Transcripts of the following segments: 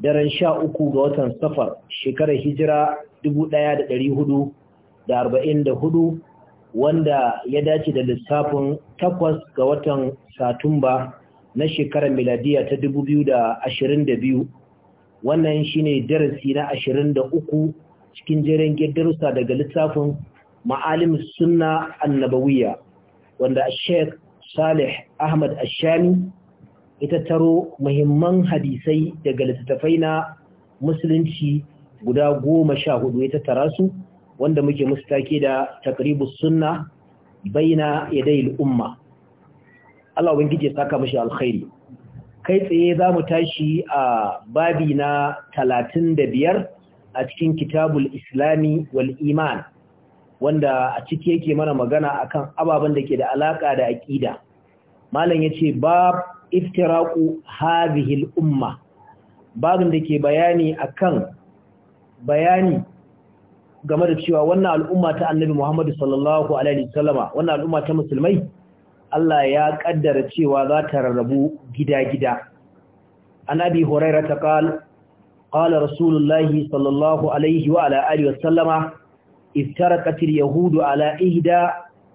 daren sha uku ga watan safar shekarar hijira dubu ɗaya da ɗari hudu da arba'in da hudu wanda ya dace da lissafin takwas ga watan satumba na shekarar miladiya ta dubu biyu da ashirin da biyu wannan shine darasi na ashirin da uku cikin jerin darussa daga lissafin ma'alim sunna annabawiya wanda sheikh salih ahmad ashami ita taro muhimman hadisai daga littattafai na musulunci guda goma sha hudu ya tattara su wanda muke mustake da takribu sunna baina yadai umma Allah ubangiji ya saka mishi alkhairi kai tsaye za mu tashi a babi na talatin da biyar a cikin kitabul islami wal iman wanda a ciki yake mana magana akan ababen da ke da alaka da aqida malam yace bab iftiraku hadhihi al-umma babin da ke bayani akan bayani game da cewa wannan al'umma ta Annabi Muhammad sallallahu alaihi wasallama wannan al'umma ta musulmai Allah ya kaddara cewa za ta rarrabu gida-gida an abi hurairah ta qala qala sallallahu alaihi wa ala alihi wasallama yahudu ala ihda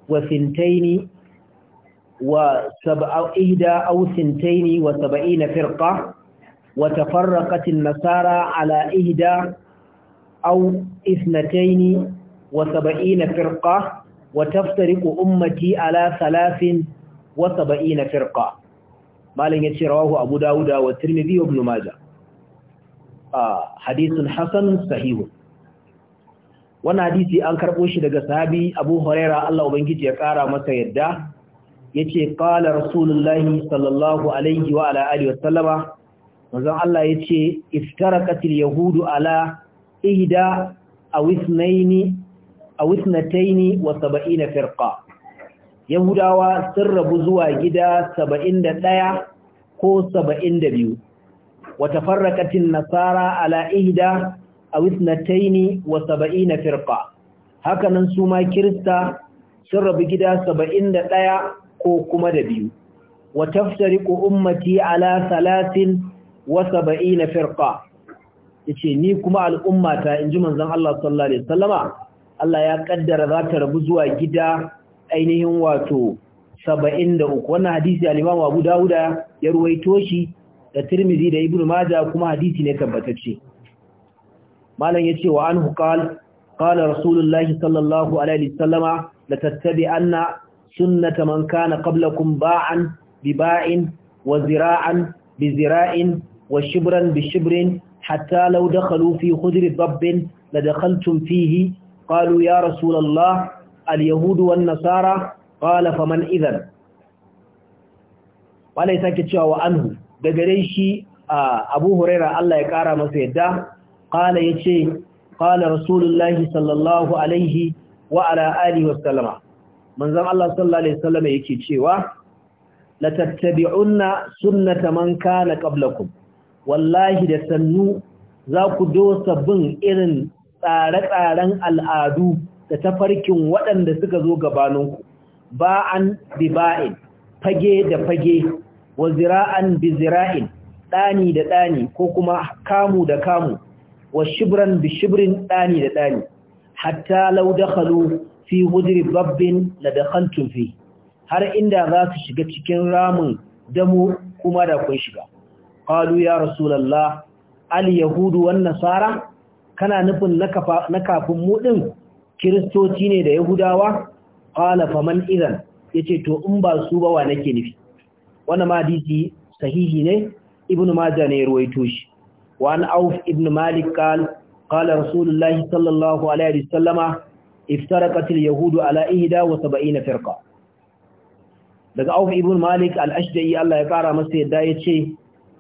wa thintaini وإحدى أو ثنتين وسبعين فرقة وتفرقت النصارى على إحدى أو اثنتين وسبعين فرقة وتفترق أمتي على ثلاث وسبعين فرقة ما لن يترواه أبو داود والترمذي وابن ماجه آه حديث حسن صحيح wannan hadisi an karbo shi daga sahabi Abu Huraira Allah ubangiji ya kara masa yadda Ya ce ƙala rasulullahi sallallahu alaihi wa ala alihi wasallama manzon Allah iftara iftaraqatil yahudu ala ihida aw ithnaini aw ithnataini wa 70 yahudawa sun rabu zuwa gida saba'in da ɗaya ko saba'in da 72 wa tafarraqatin nasara ala ihida aw ithnataini wa na firqa hakanan su ma kirista sun rabu gida saba'in da ɗaya. ko kuma da biyu wa taftariqu ummati ala salatin firqa yace ni kuma al'ummata inji manzon Allah sallallahu alaihi wasallama Allah ya kaddara za ta rabu zuwa gida ainihin wato 73 wannan hadisi al-Imam Abu Dawud ya ruwaito shi da Tirmidhi da Ibn Majah kuma hadisi ne tabbatacce malam yace wa anhu qala qala rasulullahi sallallahu alaihi wasallama la tattabi'anna sunnata man kana qablakum ba'an bi ba'in wa zira'an bi zira'in wa shibran bi shibrin hatta law dakhalu fi khudri dabbin la dakhaltum fihi qalu ya rasul Allah al yahud wa nasara qala faman idhan wala yake cewa wa anhu da gare shi Abu Huraira Allah ya kara masa yadda qala yace qala rasulullahi sallallahu alaihi wa ala alihi wa sallama manzon Allah sallallahu alaihi wasallam yake cewa la tattabi'unna sunnata man kana qablakum wallahi da sannu za ku dosa bin irin tsare-tsaren al'adu da tafarkin waɗanda suka zo gabaninku ba'an bi ba'in fage da fage wa zira'an bi zira'in ɗani da ɗani ko kuma kamu da kamu wa shibran bi shibrin ɗani da ɗani hatta lau dakhalu fi hujri babbin la dakhaltum fi har inda za su shiga cikin ramin damu kuma da kun shiga qalu ya rasulullah al yahudu wan nasara kana nufin na kafin mu din kiristoci ne da yahudawa qala faman idan yace to in ba su ba wa nake nufi wannan ma hadisi sahihi ne ibnu majah ne ruwaito shi wa an auf ibnu malik qala qala rasulullahi sallallahu alaihi wasallama iftaraqat al-yahud ala 71 firqa daga Auf ibn Malik al-Ashja'i Allah ya kara masa yadda yace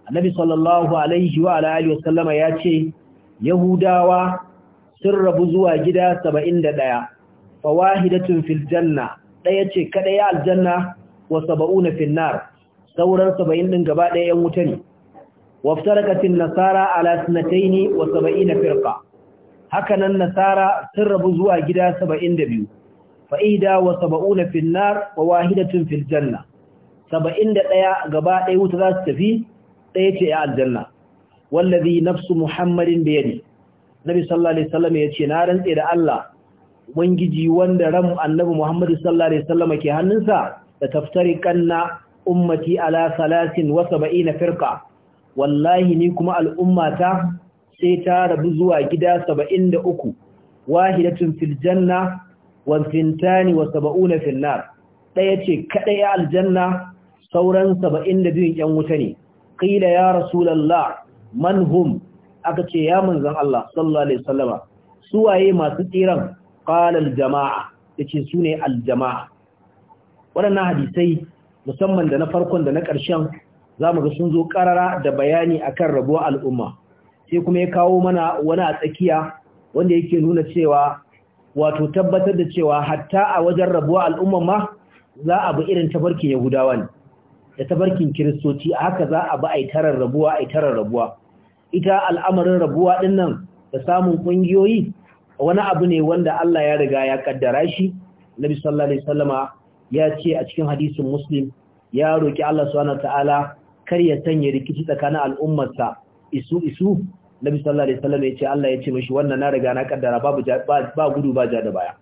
Annabi sallallahu alaihi wa alihi wasallama yace Yahudawa sun rabu zuwa gida 71 fawahidatun fil janna daya ce kada ya aljanna wa 70 fil nar sauran 70 din gaba daya yan wuta ne waftarakatin nasara ala sanataini wa 70 firqa haka nan nasara sun rabu zuwa gida 72 fa'ida wa 70 fil nar wa wahidatun fil janna 71 gaba ɗaya wuta za su tafi ɗaya ce a aljanna wallazi nafsu muhammadin da yadi nabi sallallahu alaihi wasallam ya ce na rantse da Allah ubangiji wanda ran annabi Muhammadu sallallahu alaihi wasallam ke hannunsa da kanna ummati ala 73 firqa wallahi ni kuma al'ummata sai ta rabu zuwa gida 73 wahidatun fil janna wa thintani wa 70 fil nar daya ce kadai aljanna sauran 72 yan wuta ne qila ya rasulullah man hum aka ce ya manzon Allah sallallahu alaihi wasallama suwaye masu tsiran qala al jamaa yace sune al jamaa waɗannan hadisai musamman da na farkon da na ƙarshen za mu ga sun zo ƙarara da bayani akan rabuwar al'umma sai kuma ya kawo mana wani a tsakiya wanda yake nuna cewa wato tabbatar da cewa hatta a wajen rabuwa al'umma ma za a bi irin tabarkin yahudawa ne da tabarkin kiristoci a haka za a bi a tarar rabuwa a rabuwa ita al'amarin rabuwa din nan da samun ƙungiyoyi wani abu ne wanda Allah ya riga ya kaddara shi nabi sallallahu alaihi wasallama ya ce a cikin hadisin muslim ya roki Allah subhanahu ta'ala kar ya sanya rikici tsakanin al'ummarsa isu isu nabi sallallahu alaihi wasallam ya ce Allah ya ce mishi wannan na riga na kaddara babu ba gudu ba ja da baya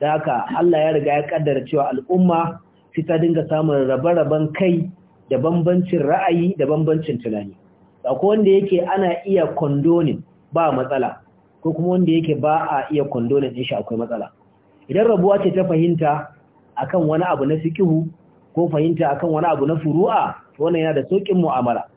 dan haka Allah ya riga ya kaddara cewa al'umma su ta dinga samun rabaraban raban kai da bambancin ra'ayi da bambancin tunani akwai wanda yake ana iya condoning ba matsala ko kuma wanda yake ba a iya condoning din shi akwai matsala idan rabuwa ce ta fahimta akan wani abu na fikihu ko fahimta akan wani abu na furu'a wannan yana da saukin mu'amala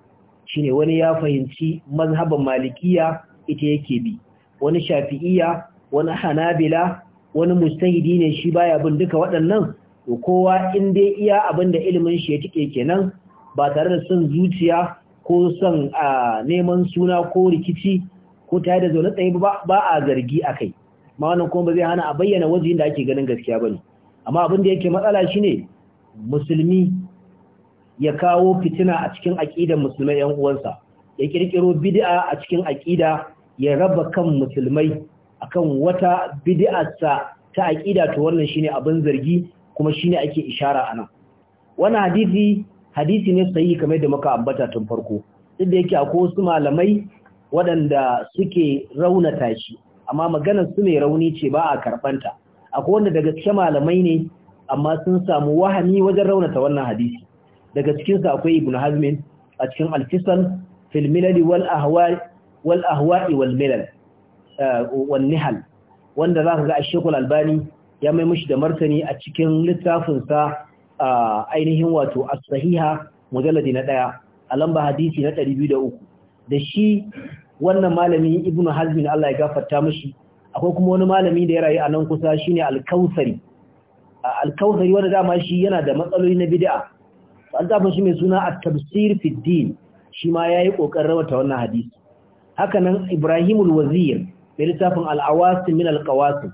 shine wani ya fahimci mazhaban malikiya ita yake bi wani shafi'iya wani hanabila wani mustahidi ne shi baya bin duka waɗannan to kowa in dai iya abin da ilimin shi ya tike kenan ba tare da son zuciya ko son neman suna ko rikici ko ta da zaune tsaye ba a zargi akai kai wannan kuma ba zai hana a bayyana wajen da ake ganin gaskiya ba ne. amma abin da yake matsala shine musulmi ya kawo fitina a cikin aƙidar musulmai ‘yan uwansa, ya ƙirƙiro bid'a a cikin aƙida ya raba kan musulmai kan wata bid'arsa ta aƙida to wannan shine abin zargi kuma shine ake ishara anan. Wannan hadisi hadisi ne sayi kamar da muka ambata tun farko, duk da yake akwai wasu malamai waɗanda suke raunata shi, amma maganar su mai rauni ce ba a karɓanta. Akwai wanda daga cikin malamai ne amma sun samu wahani wajen raunata wannan hadisi. daga cikin akwai ibn hazmin a cikin al-fisal fil milal wal ahwa wal ahwa wal eh, wanda zaka ga a Al-Albani ya mai mashi da martani a cikin littafin sa eh, ainihin wato as-sahiha mujalladi na daya a lamba hadisi na 203 da shi wannan malami ibnu hazmin Allah ya gafarta mashi akwai kuma wani malami da ya rayu a nan kusa shine al-kautsari al-kautsari wanda dama shi yana da matsaloli na bid'a littafin shi mai suna a tafsir fiddin shi ma yayi kokarin rawata wannan hadisi haka nan Ibrahim wazir mai littafin al'awasin min alƙawasin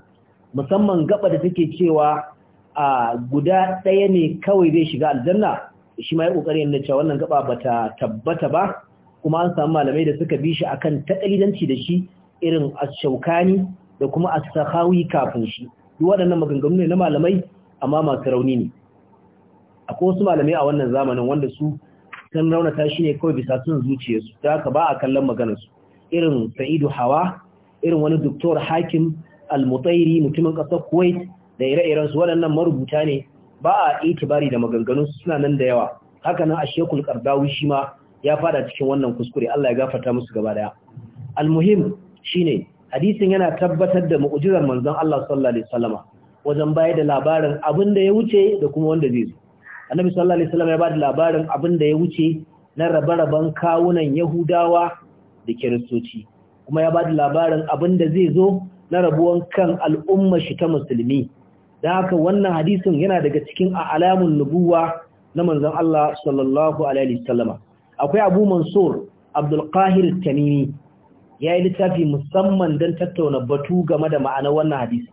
musamman gaba da take cewa a guda ɗaya ne kawai zai shiga aljanna shi ma ya ƙoƙarin yadda cewa wannan gaba ba ta tabbata ba kuma an samu malamai da suka bi shi akan taɗalidanci da shi irin a shaukani da kuma a sahawi kafin shi duk waɗannan maganganu ne na malamai amma masu rauni ne akwai wasu malamai a wannan zamanin wanda su kan raunata shi ne kawai bisa sun zuciyarsu ta haka ba a kallon maganarsu irin sa'idu hawa irin wani doktor hakim almutairi mutumin ƙasar kuwait da ire-irensu waɗannan marubuta ne ba a itibari da maganganunsu suna nan da yawa haka nan a shekul kardawi shi ma ya fada cikin wannan kuskure allah ya gafarta musu gaba daya almuhim shine hadisin yana tabbatar da mu'jizar manzon allah sallallahu alaihi wasallama wajen bayar da labarin abin da ya wuce da kuma wanda zai zo annabi sallallahu alaihi wasallam ya bada labarin abin da ya wuce na rabe-raben kawunan yahudawa da kiristoci kuma ya bada labarin abin da zai zo na rabuwan kan al'umma shi ta musulmi da haka wannan hadisin yana daga cikin alamun nubuwa na manzon Allah sallallahu alaihi wasallam akwai Abu Mansur Abdul Qahir Tamimi ya yi littafi musamman don tattauna batu game da ma'anar wannan hadisi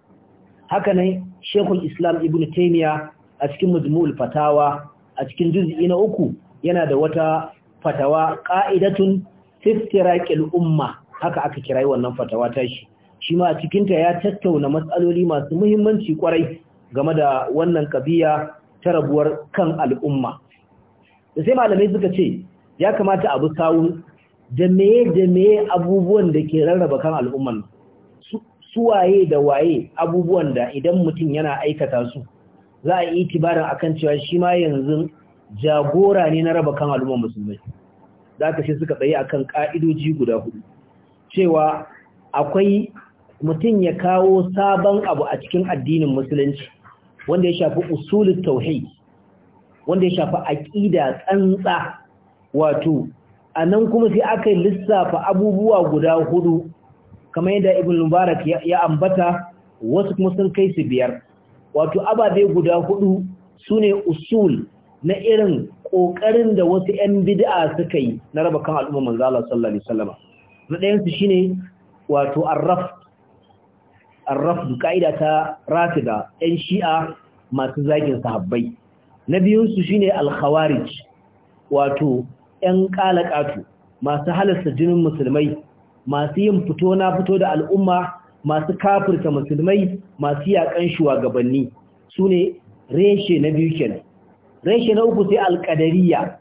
haka ne Sheikhul Islam Ibn Taymiyyah a cikin majmu'ul fatawa a cikin juz'i na uku yana da wata fatawa qa'idatun fistiraqil umma haka aka kirayi wannan fatawa ta shi shi ma a cikin ta ya tattauna matsaloli masu muhimmanci kwarai game da wannan kabiya ta rabuwar kan al'umma da sai malamai suka ce ya kamata abu sawun da meye da meye abubuwan da ke rarraba kan al'umman su waye da waye abubuwan da idan mutum yana aikata su za a yi itibarin kan cewa shi ma yanzu jagora ne na raba kan al'ummar musulmai za ka shi suka tsaye kan ƙa'idoji guda hudu cewa akwai mutum ya kawo sabon abu a cikin addinin musulunci wanda ya shafi usulun tauhai, wanda ya shafi aƙida tsantsa wato a nan kuma sai aka lissafa abubuwa guda hudu kamar yadda ibn mubarak ya ambata wasu kuma sun kai su biyar wato ababe guda hudu sune usul na irin ƙoƙarin da wasu 'yan bid'a suka yi na raba kan al'umma manzo Allah sallallahu alaihi wasallam na wato arraf kaida ta rafida 'yan shi'a masu zagin sahabbai na biyunsu shi shine al wato wato ƴan kalakatu masu halasta jinin musulmai masu yin fito na fito da al'umma masu kafirta musulmai masu yakan shugabanni su ne reshe na biyu kenan reshe na uku sai alƙadariya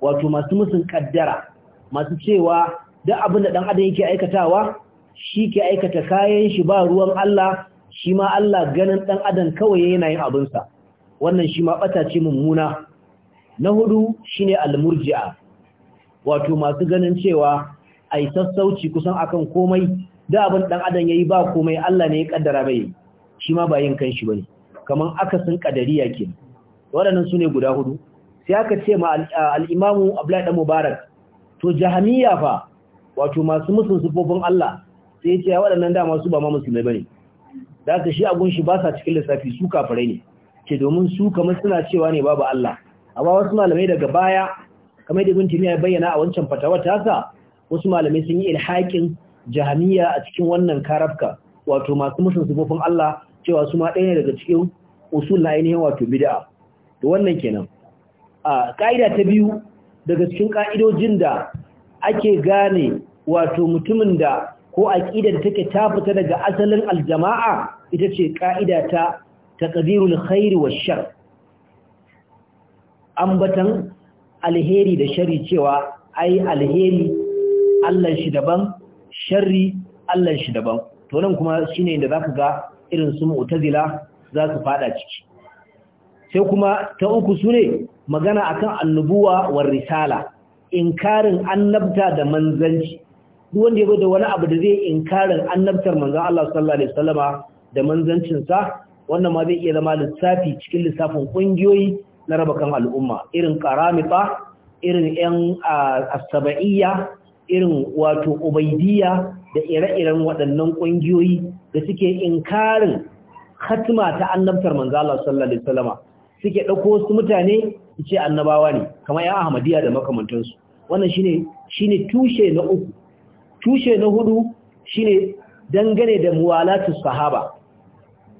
wato masu musun kaddara. masu cewa duk abin da ɗan adam yake aikatawa shi ke aikata kayan shi ba ruwan Allah shi ma Allah ganin ɗan adam kawai yana yin abinsa wannan shi ma ɓata ce mummuna na hudu shi ne almurji'a wato masu ganin cewa ai sassauci kusan akan komai da abin dan adam yayi ba komai Allah ne ya kaddara bai shi ma ba yin kanshi bane kaman akasin kadariya kenan waɗannan sune guda hudu sai aka ce ma al-Imam Abdullah dan Mubarak to jahamiya fa wato masu musun sufofin Allah sai ya ce waɗannan da masu ba ma musulmai bane da aka shi abun shi ba sa cikin lissafi su kafirai ne ce domin su kamar suna cewa ne babu Allah amma wasu malamai daga baya kamar da Ibn Taymiyyah ya bayyana a wancan fatawa ta sa wasu malamai sun yi ilhakin jahamiya a cikin wannan karafka wato masu musun sufofin Allah cewa su ma ɗaya ne daga cikin usul na ainihin wato bid'a to wannan kenan a ƙa'ida ta biyu daga cikin ƙa'idojin da ake gane wato mutumin da ko da take ta fita daga asalin aljama'a ita ce ƙa'ida ta taqdirul khairi shar ambatan alheri da shari cewa ai alheri Allah shi daban sharri Allah shi daban to nan kuma shine inda zaka ga irin su mu'tazila za su fada ciki sai kuma ta uku sune magana akan annubuwa war risala inkarin annabta da manzanci duk wanda yabo da wani abu da zai inkarin annabtar manzon Allah sallallahu alaihi wasallama da manzancin sa wannan ma zai iya zama lissafi cikin lissafin kungiyoyi na rabakan al'umma irin karamita irin yan asaba'iyya irin wato ubaidiyya da ire-iren waɗannan ƙungiyoyi da suke inkarin hatima ta annabtar manzo sallallahu alaihi wasallam suke dauko su mutane su ce annabawa ne kamar ya Ahmadiyya da makamantansu wannan shine shine tushe na uku tushe na hudu shine dangane da muwalatu sahaba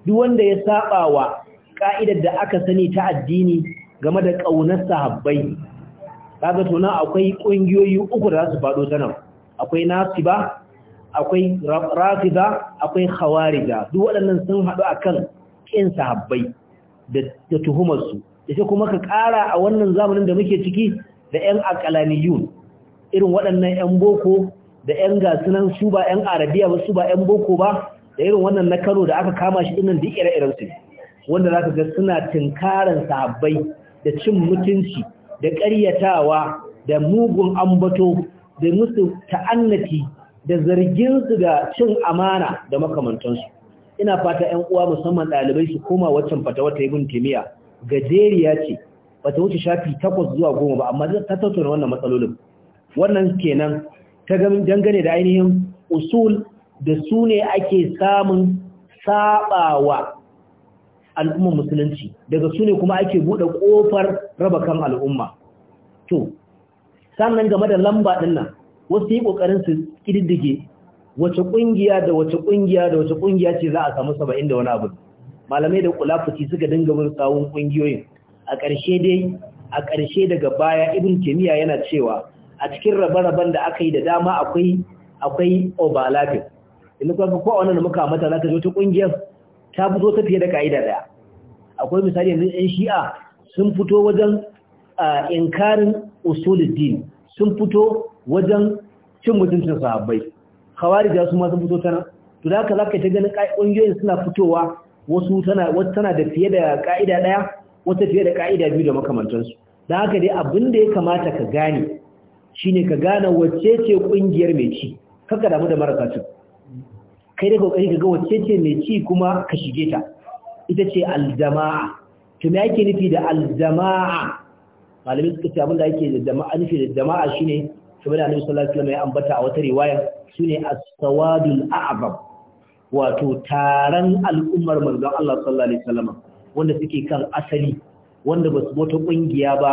duk wanda ya saba wa ka'idar da aka sani ta addini game da kaunar sahabbai kaga to nan akwai kungiyoyi uku da su fado ta nan akwai nasiba akwai rafida akwai khawarija duk waɗannan sun haɗu akan kin sahabbai da tuhumar su sai kuma ka ƙara a wannan zamanin da muke ciki da ƴan aqlaniyun irin waɗannan ƴan boko da ƴan gasunan su ba ƴan arabiya ba su ba ƴan boko ba da irin wannan na Kano da aka kama shi dinnan duk ire-iren su wanda zaka ga suna tinkaran sahabbai da cin mutunci da ƙaryatawa da mugun ambato da musu ta'annati da zargin su da cin amana da makamantansu ina fata 'yan uwa musamman ɗalibai su koma waccan fata wata ibn timiya gajeriya ce bata wuce shafi takwas zuwa goma ba amma ta tattauna wannan matsalolin wannan kenan ta ga dangane da ainihin usul da su ne ake samun sabawa al'ummar musulunci daga su ne kuma ake buɗe ƙofar raba kan al'umma to sannan game da lamba ɗin nan wasu yi ƙoƙarin su ƙididdige wace ƙungiya da wace ƙungiya da wace ƙungiya ce za a samu saba'in da wani abu malamai da kulafuci suka dinga bin sawun ƙungiyoyin a ƙarshe dai a ƙarshe daga baya ibn kimiyya yana cewa a cikin rabe-raben da aka yi da dama akwai akwai obalafin. in kuma ko wannan muka mata zaka zo ta kungiyar ta fito ta fiye da kaida daya akwai misali yanzu yan shi'a sun fito wajen inkarin usuluddin sun fito wajen cin mutuncin sahabbai da su ma sun fito tana to da haka zaka ta ganin ƙungiyoyin suna fitowa wasu tana wata tana da fiye da ka'ida daya wata fiye da ka'ida biyu da makamantansu da haka dai abin da ya kamata ka gane shine ka gane wacce ce kungiyar mai ci kaka damu da marasa cin kai da kokari ka ga wacce ce mai ci kuma ka shige ta ita ce aljama'a to me yake nufi da aljama'a malamin suka ce abin yake da jama'a nufi da jama'a shine kamar da Annabi sallallahu alaihi wasallam ya ambata a wata riwaya shine as-sawadul a'zam wato taron al'ummar manzon Allah sallallahu alaihi wasallam wanda suke kan asali wanda ba su wata kungiya ba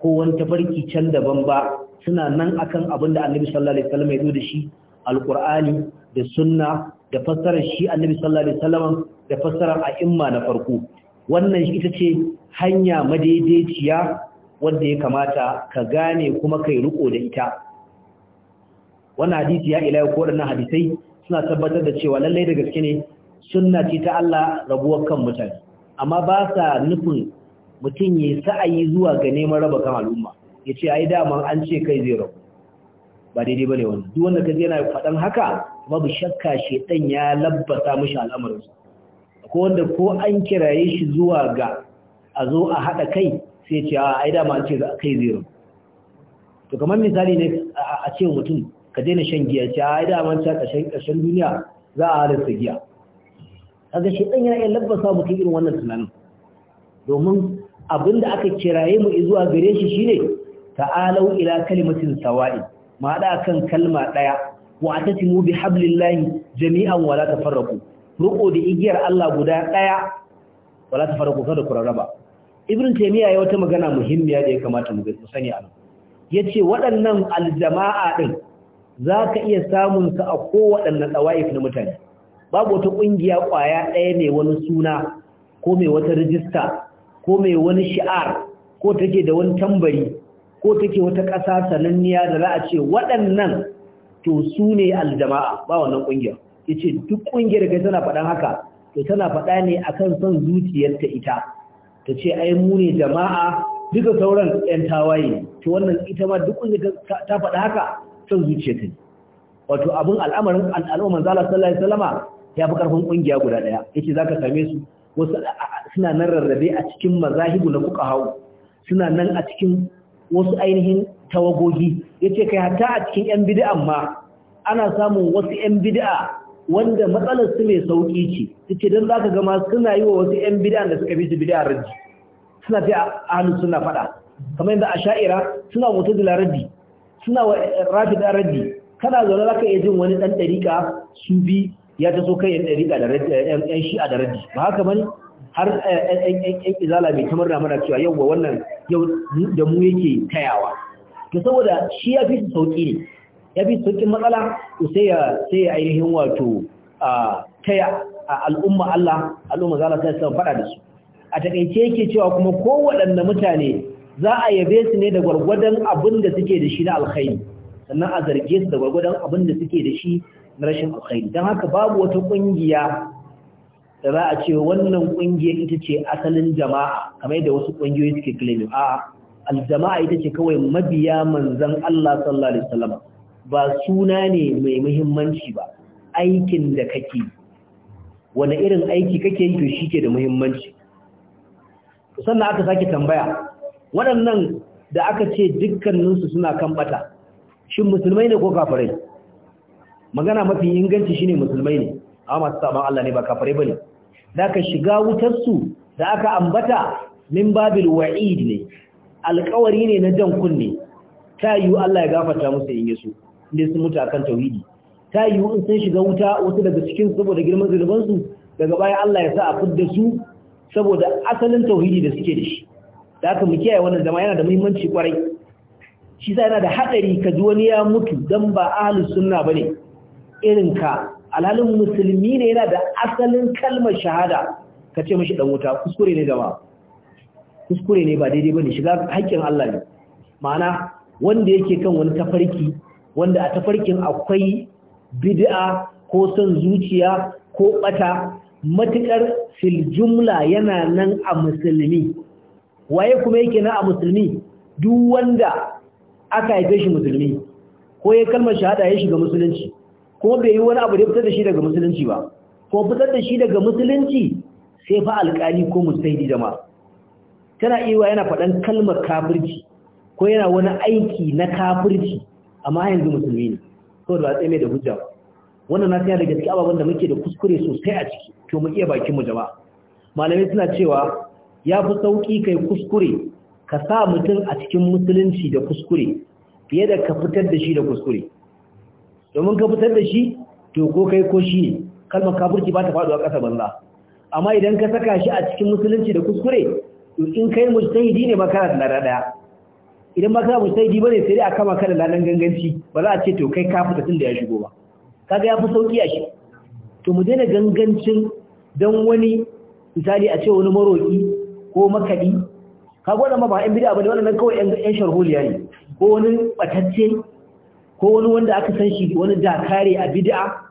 ko wani tafarki can daban ba suna nan akan abin da Annabi sallallahu alaihi wasallam ya zo da shi alqur'ani da sunna da fassarar shi annabi sallallahu alaihi wasallam da fassarar a'imma na farko wannan ita ce hanya madaidaiciya wanda ya kamata ka gane kuma kai riko da ita wannan hadisi ya ila ko wannan hadisai suna tabbatar da cewa lallai da gaske ne sunna ce ta Allah rabuwar kan mutane amma ba sa nufin mutum ya sa'ayi zuwa ga neman raba kan al'umma yace ai man an ce kai zai rabu ba daidai bane wannan duk wanda kaje yana faɗan haka babu shakka shedan ya labbata mishi al'amarin ko wanda ko an kiraye shi zuwa ga a zo a hada kai sai ce a ai dama an ce kai zero to kamar misali ne a ce mutum ka daina shan giya ce ai dama an ce kashin kashin duniya za a halarta giya kaga shedan yana iya labbasa mutum irin wannan tunanin domin abinda aka kiraye mu zuwa gare shi shine ta'alau ila kalimatin sawa'i mu haɗa kan kalma ɗaya wa mubi, bi hablillahi jami'an wala tafarraqu ruko da igiyar Allah guda ɗaya wala tafarraqu kada ku rarraba ibn taymiya ya wata magana muhimmiya da ya kamata mu sani a Ya yace waɗannan aljama'a din ka iya samun ka a kowaɗanne tsawaif na mutane babu wata ƙungiya ƙwaya ɗaya mai wani suna ko mai wata rijista ko mai wani shi'ar ko take da wani tambari ko take wata ƙasa sananniya da za a ce waɗannan to su ne aljama'a ba wannan ƙungiyar ya ce duk ƙungiyar kai tana faɗan haka to tana faɗa ne akan son zuciyarta ita ta ce ai mu ne jama'a duka sauran 'yan tawaye to wannan ita ma duk ƙungiyar ta faɗa haka son zuciyarta ne wato abin al'amarin al'umman zala sallallahu alaihi wasallama ya fi ƙarfin ƙungiya guda ɗaya yace zaka same su wasu suna nan rarrabe a cikin mazahibu na kuka hau suna nan a cikin wasu ainihin tawagogi Ya ce kai hatta a cikin yan bid'an ma ana samun wasu yan bidi'a wanda matsalar su mai sauki ce ce don zaka ga gama suna yi wa wasu yan bidi'a da suka bi bidi'a bid'a raddi suna a hannun suna fada kamar yadda a sha'ira suna da larabi suna wa da raddi kana zaune za ka iya jin wani ɗan dariƙa su bi ya taso kai yan dariƙa da shi'a da ba haka bane har ɗan eh, eh, eh, izala mai kamar ramana cewa yau wannan yau da mu yake tayawa to saboda shi ya fi sauƙi ne ya fi sauƙin matsala to sai ya sai ya ainihin wato taya al'umma Allah al'umma zala ta san faɗa da su a takaice yake cewa kuma kowaɗanne mutane za a yabe su ne da gwargwadon abin da suke da shi na alkhairi sannan a zarge su da gwargwadon abin da suke da shi na rashin alkhairi don haka babu wata ƙungiya da za a ce wannan ƙungiyar ita ce asalin jama'a kamar da wasu kungiyoyi suke claim a aljama'a ita ce kawai mabiya manzon Allah sallallahu alaihi wasallam ba suna ne mai muhimmanci ba aikin da kake wani irin aiki kake yi to shike da muhimmanci sannan aka sake tambaya waɗannan da aka ce dukkaninsu suna kan bata shin musulmai ne ko kafirai magana mafi inganci shine musulmai ne a masu saman Allah ne ba kafare bane da ka shiga wutar su da aka ambata min babil wa'id ne alƙawari ne na jan kunne ta yiwu Allah ya gafarta musu in yasu inda sun mutu akan tauhidi ta yiwu in sun shiga wuta wasu daga cikin saboda girman zuluban daga baya Allah ya sa a fidda su saboda asalin tauhidi da suke da shi da aka mu kiyaye wannan zama yana da muhimmanci kwarai shi sa yana da haɗari ka ji wani ya mutu dan ba ahlus sunna bane irin ka alhalin musulmi ne yana da asalin kalmar shahada ka ce mashi dan wuta kuskure ne gaba kuskure ne ba daidai bane shiga haƙƙin Allah ne ma'ana wanda yake kan wani tafarki wanda a tafarkin akwai bid'a ko son zuciya ko bata matukar fil jumla yana nan a musulmi waye kuma yake nan a musulmi duk wanda aka haife shi musulmi ko ya kalmar shahada ya shiga musulunci ko bai yi wani abu da fitar da shi daga musulunci ba ko fitar da shi daga musulunci sai fa alƙali ko musaidi jama'a tana iya yana faɗan kalmar kafirci ko yana wani aiki na kafirci amma yanzu musulmi ne ko da tsaye mai da hujja wannan na tsaya da gaske ababen da muke da kuskure sosai a ciki to mu iya bakin mu jama'a malamai suna cewa ya fi sauki kai kuskure ka sa mutum a cikin musulunci da kuskure fiye da ka fitar da shi da kuskure domin ka fitar da shi to ko kai ko shi ne kalmar kafirci ba ta a ƙasa banza amma idan ka saka shi a cikin musulunci da kuskure to in kai mujtahidi ne ba kana da lada daya idan ba kana mujtahidi bane sai dai a kama ka da ladan ganganci ba za a ce to kai ka fita tun da ya shigo ba kaga ya fi sauki a shi to mu daina gangancin dan wani misali a ce wani maroki ko makadi gwada ma ba in bid'a ne wannan kawai yan sharholiya ne ko wani batacce ko wani wanda aka san shi wani dakare a bid'a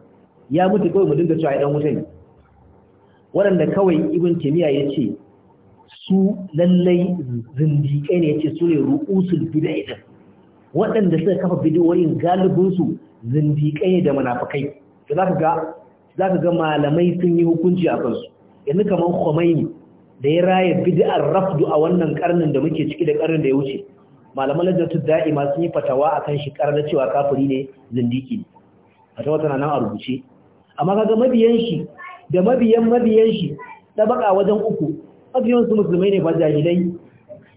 ya mutu kawai mu dinga cewa dan wuta ne waɗanda kawai ibn timiya ya ce su lallai zindiƙai ne ya ce su ne ru'usul bid'a din waɗanda suka kafa bid'o'in galibinsu zindikai ne da munafukai da za ga zaka ga malamai sun yi hukunci a kansu yanzu kamar Khomeini da ya raya bid'ar rafdu a wannan karnin da muke ciki da karnin da ya wuce malaman lajnatu da'ima sun yi fatawa akan shi karar cewa kafiri ne zindiki ne fatawa tana nan a rubuce amma kaga mabiyan shi da mabiyan mabiyan shi baka wajen uku mabiyan su musulmai ne ba jahilai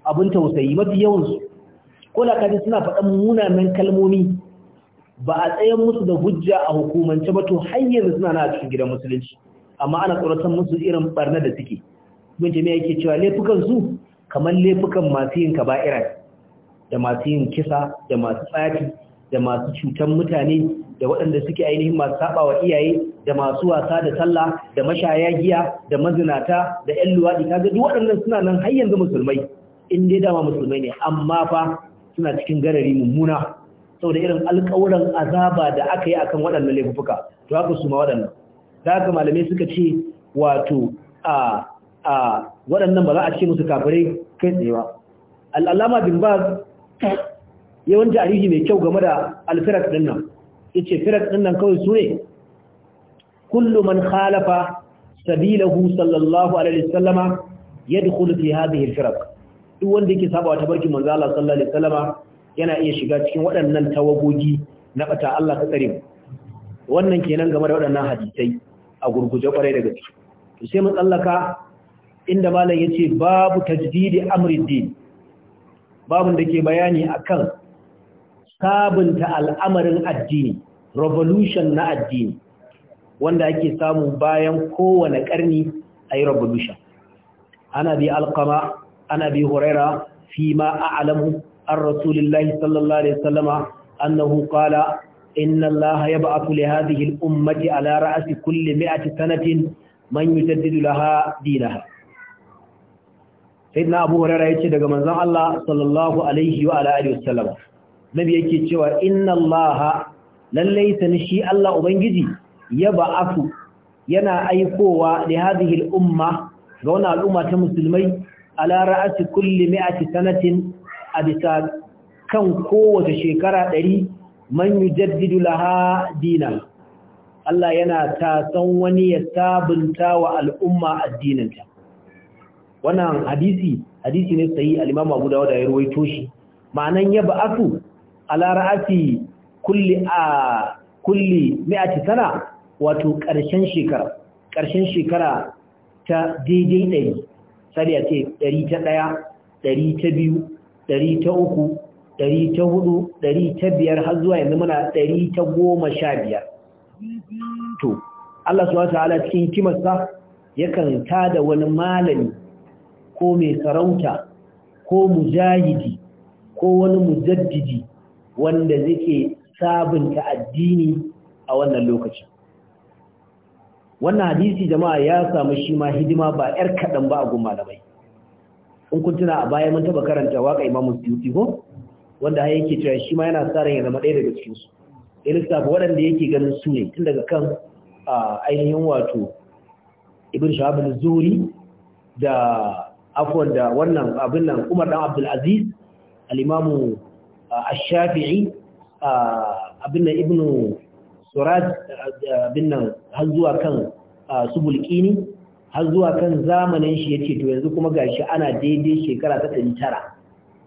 Abun tausayi mafi yawan su ko da kaji suna faɗan munanan kalmomi ba a tsayan musu da hujja a hukumance ba to har yanzu suna na cikin gidan musulunci amma ana tsoratar musu irin barna da suke bin jami'a yake cewa laifukan su kamar laifukan masu yin kaba'ira da masu yin kisa da masu tsafi da masu cutan mutane da waɗanda suke ainihin masu saba wa iyaye da masu wasa da sallah da mashaya giya da mazinata da ƴan luwaɗi kaga duk waɗannan suna nan har yanzu musulmai in dai dama musulmai ne amma fa suna cikin garari mummuna saboda irin alƙawuran azaba da aka yi akan waɗannan laifuka to haka su ma waɗannan da haka malamai suka ce wato a a waɗannan ba za a ce musu kafirai kai tsaye ba al'alama bin ba yawan jarihi mai kyau game da alfirat ɗin nan yace firat ɗin nan kawai sune Kulluman man khalafa sabilahu sallallahu alaihi wasallama yadkhulu fi hadhihi firat duk wanda yake saba ta manzo Allah sallallahu alaihi sallama yana iya shiga cikin waɗannan tawagogi na bata Allah ta tsare wannan kenan game da waɗannan hadisai a gurguje kwarai daga ciki sai mu tsallaka inda malam yace babu tajdidi amriddin babin da ke bayani akan sabunta al'amarin addini revolution na addini wanda ake samu bayan kowane karni a yi revolution ana bi alkama ana bi huraira fi ma a'lamu an rasulillahi sallallahu alaihi sallama, annahu kala inna allaha ba'atu li hadhihi al-ummati ala ra'si kulli mi'ati sanatin man yujaddidu laha dinaha sayyidina abu hurairah yace daga manzon Allah sallallahu alaihi wa alihi wasallam nabi yake cewa inna allaha lalle sani shi Allah ubangiji ya ba'afu yana aikowa li hadhihi al umma ga wannan al'umma ta musulmai ala ra'asi kulli mi'ati sanatin a bisa kan kowace shekara ɗari man yujaddidu laha dinan Allah yana san wani ya sabunta wa al'umma addininta wannan hadisi hadisi ne sai al-Imam Abu Dawud ya rawaito shi ma'anan ya ba'atu ala ra'ati kulli a kulli mi'ati sana wato ƙarshen shekara ƙarshen shekara ta daidai ɗari sai ya ce ɗari ta ɗaya ɗari ta biyu ɗari ta uku ɗari ta hudu ɗari ta biyar har zuwa yanzu muna ɗari ta goma sha biyar to Allah subhanahu wa ta'ala cikin kimarsa yakan tada wani malami ko mai sarauta ko mujahidi ko wani mujaddidi wanda zike sabunta addini a wannan lokacin wannan hadisi jama'a ya samu shi ma hidima ba yar kaɗan ba a gun malamai in kun tuna a baya mun taɓa karanta waka imam suyuti ko wanda har yake cewa shi ma yana sa ran ya zama ɗaya daga cikinsu ya lissafa waɗanda yake ganin su ne tun daga kan ainihin wato ibn shahabul zuri da afwan da wannan abin nan Umar dan Abdul Aziz al-Imam uh, Ash-Shafi'i uh, abin nan Ibn Surad uh, abin nan har zuwa kan Subulqini har zuwa kan zamanin shi yace to yanzu kuma gashi ana daidai shekara ta tara,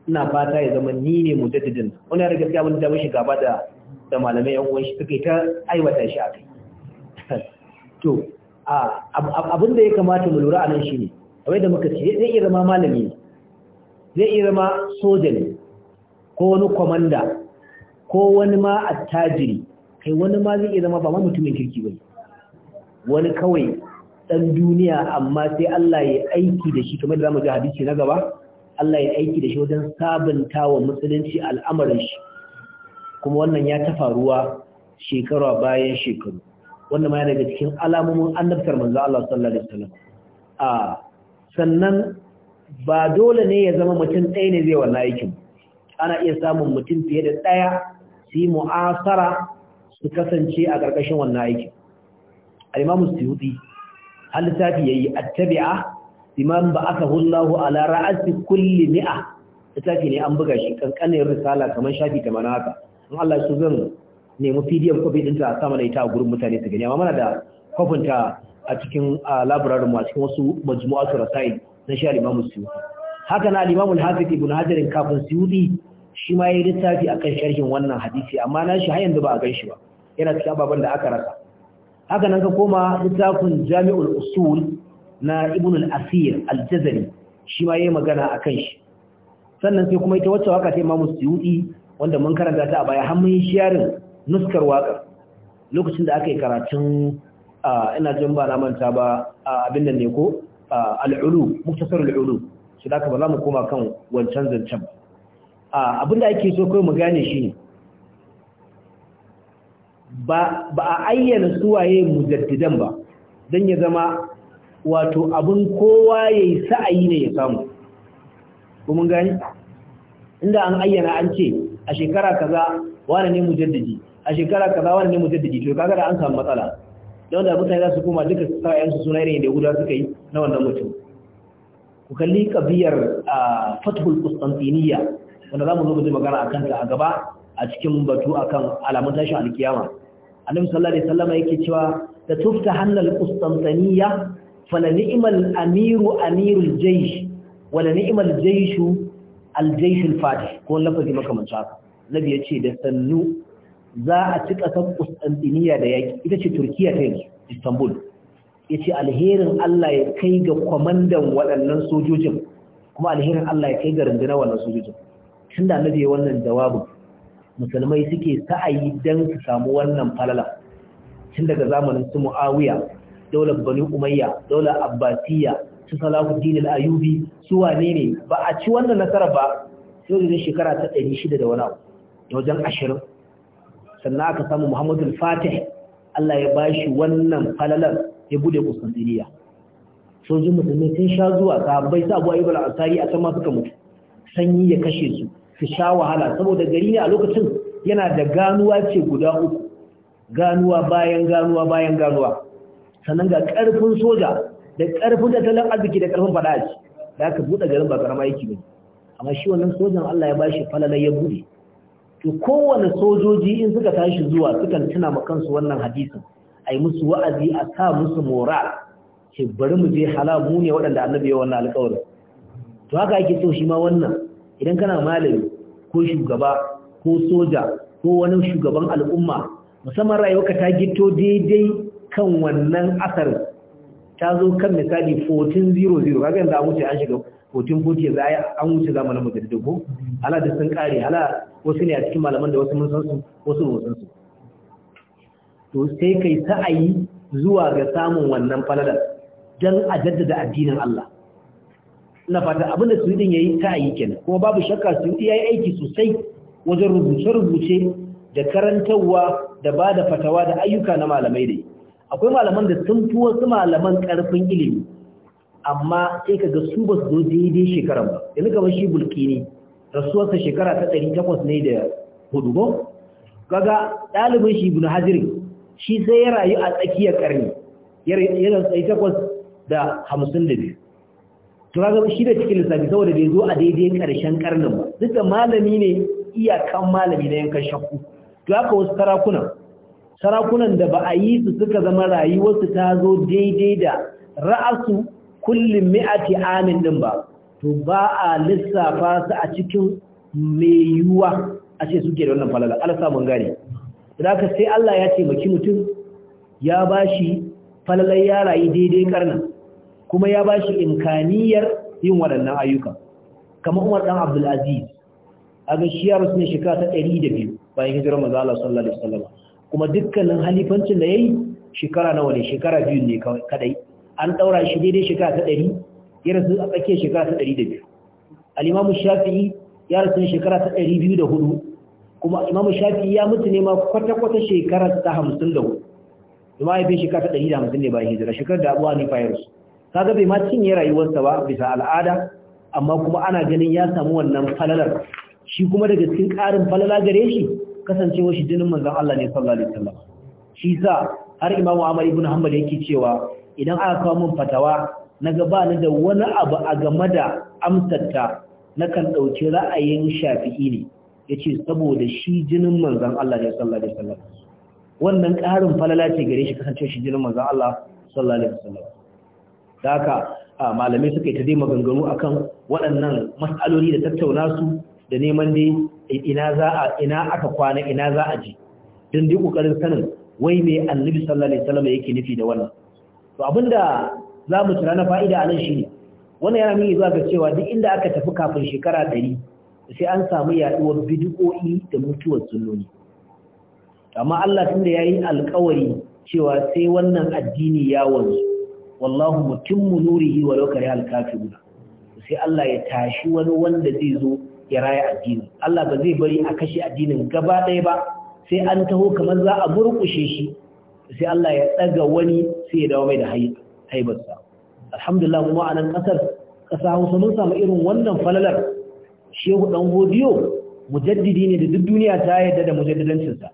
ina fata ya zama ni ne mujaddidin wannan da gaskiya mun da mishi gaba da da malamai yan uwan shi suka ta aiwata shi akai to abin da ya kamata mu lura a nan shi ne. abai da muka ce zai iya zama malami zai iya zama soja ne ko wani kwamanda ko wani ma attajiri kai wani ma zai iya zama ba ma mutumin kirki ba wani kawai ɗan duniya amma sai Allah ya aiki da shi kamar da zamu ji hadisi na gaba Allah ya aiki da shi wajen sabunta wa musulunci al'amarin shi kuma wannan ya ta faruwa shekara bayan shekaru wannan ma yana daga cikin alamomin annabtar manzo Allah sallallahu alaihi wasallam a ah, sannan ba dole ne ya zama mutum ɗaya ne zai wannan aikin ana iya samun mutum fiye da ɗaya su yi mu'asara su kasance a ƙarƙashin wannan aikin alimamu su suyuti hal littafi yi at-tabi'a imam aka Allahu ala ra'asi kulli mi'a littafi ne an buga shi kankanin risala kamar shafi ta mana haka in Allah su zan nemi PDF copy ɗinta ta sama da ita a gurin mutane su gani amma mana da kofin ta a cikin labirarin mu a cikin wasu majmu'atu rasail na shi al-Imam Suyuti haka na al-Imam al-Hafiz Ibn Hajar kafin Suyuti shi ma yi littafi akan sharhin wannan hadisi amma na shi har yanzu ba a ganshi ba yana cikin ababen da aka rasa haka nan ka koma littafin Jami'ul Usul na Ibn al-Asir al-Jazari shi ma yayi magana akan shi sannan sai kuma ita wacce waka ta Imam Suyuti wanda mun karanta ta a baya har mun yi sharin nuskar waka lokacin da aka yi karatun ina jin ba na manta ba abin nan ne ko al'ulu muktasar al'ulu su da ba za mu koma kan wancan zancen ba abin da ake so kai mu gane shi ne ba a ayyana suwaye mujaddidan ba don ya zama wato abin kowa ya yi sa'ayi ne ya samu kuma gani inda an ayyana an ce a shekara kaza wani ne mujaddidi a shekara kaza wani ne mujaddidi to kaga da an samu matsala da wanda mutane za su koma duka su sa yansu suna irin da yahuda suka yi na wannan mutum ku kalli kabiyar fathul qustantiniya wanda zamu zo mu ji magana a kanta a gaba a cikin batu akan alamun tashin alkiyama annabi sallallahu alaihi wasallam yake cewa da tufta hannal qustantiniya fala ni'mal amiru amirul jaysh wala ni'mal jayshu al jaysh al fatih ko lafazi makamancin haka nabi yace da sannu za a ci ƙasar Kustantiniya da yaƙi ita ce Turkiya ta yanzu Istanbul ya ce alherin Allah ya kai ga kwamandan waɗannan sojojin kuma alherin Allah ya kai ga rundunar waɗannan sojojin tun da annabi wannan jawabin musulmai suke sa'ayi don su samu wannan falala tun daga zamanin su Muawiya daular Bani Umayya daular Abbasiyya su Salahuddin al-Ayubi su wane ne ba a ci wannan nasara ba sai da shekara ta shida da wani abu wajen ashirin. sannan aka samu muhammadul fatih Allah ya bashi wannan falalar ya bude Constantinople sojin musulmi sun sha zuwa bai sa Abu Ayyub al asari a sama suka mutu sanyi ya kashe su su sha wahala saboda gari ne a lokacin yana da ganuwa ce guda uku ganuwa bayan ganuwa bayan ganuwa sannan ga karfin soja da karfin tattalin arziki da karfin fadaci da aka bude garin ba karama yake ba amma shi wannan sojan Allah ya bashi falalar ya bude to kowane sojoji in suka tashi zuwa sukan tuna ma kansu wannan hadisin ai musu wa'azi a sa musu mora ce bari mu je halal mu ne waɗanda annabi ya wannan alƙawarin to haka ake so shi ma wannan idan kana malami ko shugaba ko soja ko wani shugaban al'umma musamman rayuwarka ta gito daidai kan wannan asarin ta zo kan misali 1400 kaga da an wuce an shiga 1440 za an wuce zamanin majalisar ko ala da sun kare ala wasu ne a cikin malaman da wasu mun san su wasu mun san su to sai kai sa'ayi zuwa ga samun wannan falalar dan a jaddada addinin Allah ina fata abin da suyi ta yayi sa'ayi kenan kuma babu shakka su yi aiki sosai wajen rubuce-rubuce da karantarwa da ba da fatawa da ayyuka na malamai dai akwai malaman da sun fi wasu malaman ƙarfin ilimi amma sai ka ga su ba su zo daidai shekaran ba yanzu kamar shi ne rasuwarsa shekara ta ɗari takwas ne da hudu ba kaga ɗalibin shi ibn hazir shi sai ya rayu a tsakiyar ƙarni yana tsayi takwas da hamsin da biyu to kaga shi da cikin lissafi saboda bai zo a daidai ƙarshen ƙarnin ba duk da malami ne iyakan malami na yankan shakku to haka wasu sarakuna sarakunan da ba a yi su suka zama rayuwarsu ta zo daidai da ra'asu kullum mi'ati amin din ba to ba a lissafa su a cikin mai yiwuwa a ce suke da wannan falala Allah sa mun gane zaka sai Allah ya taimaki mutum ya bashi falalar ya rayu daidai karnan kuma ya bashi imkaniyar yin waɗannan ayyuka kamar Umar dan Abdul Aziz aga shi ya rusu ne shekara ta 102 bayan hijirar manzo Allah sallallahu alaihi wasallam kuma dukkanin halifancin da ya yi shekara nawa ne shekara biyu ne kadai an ɗaura shi daidai shekara ta ɗari ya rasu a tsakiyar shekara ta ɗari da biyu al'imamu shafi'i ya rasu shekara ta ɗari biyu da hudu kuma imamu shafi'i ya mutu ne ma kwata-kwata shekara ta hamsin da hudu da mahaifin shekara ta ɗari da hamsin ne ba hijira shekarar da abuwa ne fayar su ta ga bai ma cinye rayuwarsa ba bisa al'ada amma kuma ana ganin ya samu wannan falalar shi kuma daga cikin ƙarin falala gare shi kasancewar shi jinin manzon Allah ne sallallahu alaihi wasallam shi sa har imamu Ahmad ibn Hanbal yake cewa idan aka kawo min fatawa naga ba ni da wani abu a game da amsarta kan dauki ra'ayin Shafi'i ne yace saboda shi jinin manzon Allah ne sallallahu alaihi wasallam wannan ƙarin falala ce gare shi kasancewar shi jinin manzon Allah sallallahu alaihi wasallam da haka malamai suka yi ta dai maganganu akan waɗannan mas'aloli da tattauna su da neman ne ina za a ina aka kwana ina za a ji don dai kokarin sanin wai me annabi sallallahu alaihi wasallam yake nufi da wannan to abinda za mu tura na fa'ida a nan shine wannan yana nuni zuwa ga cewa duk inda aka tafi kafin shekara 100 sai an samu yaduwar bid'o'i da mutuwar sunnoni amma Allah tunda yayi alƙawari cewa sai wannan addini ya wanzu wallahu mutimmu nurihi walau kare alkafiruna sai Allah ya tashi wani wanda zai zo ya raya addini Allah ba zai bari a kashe addinin gaba ɗaya ba sai an taho kamar za a murƙushe shi sai Allah ya ɗaga wani sai ya dawo mai da haibarsa alhamdulillah kuma a nan ƙasar ƙasa hausa mun samu irin wannan falalar shehu ɗan godiyo mujaddidi ne da duk duniya ta yarda da mujaddidancinsa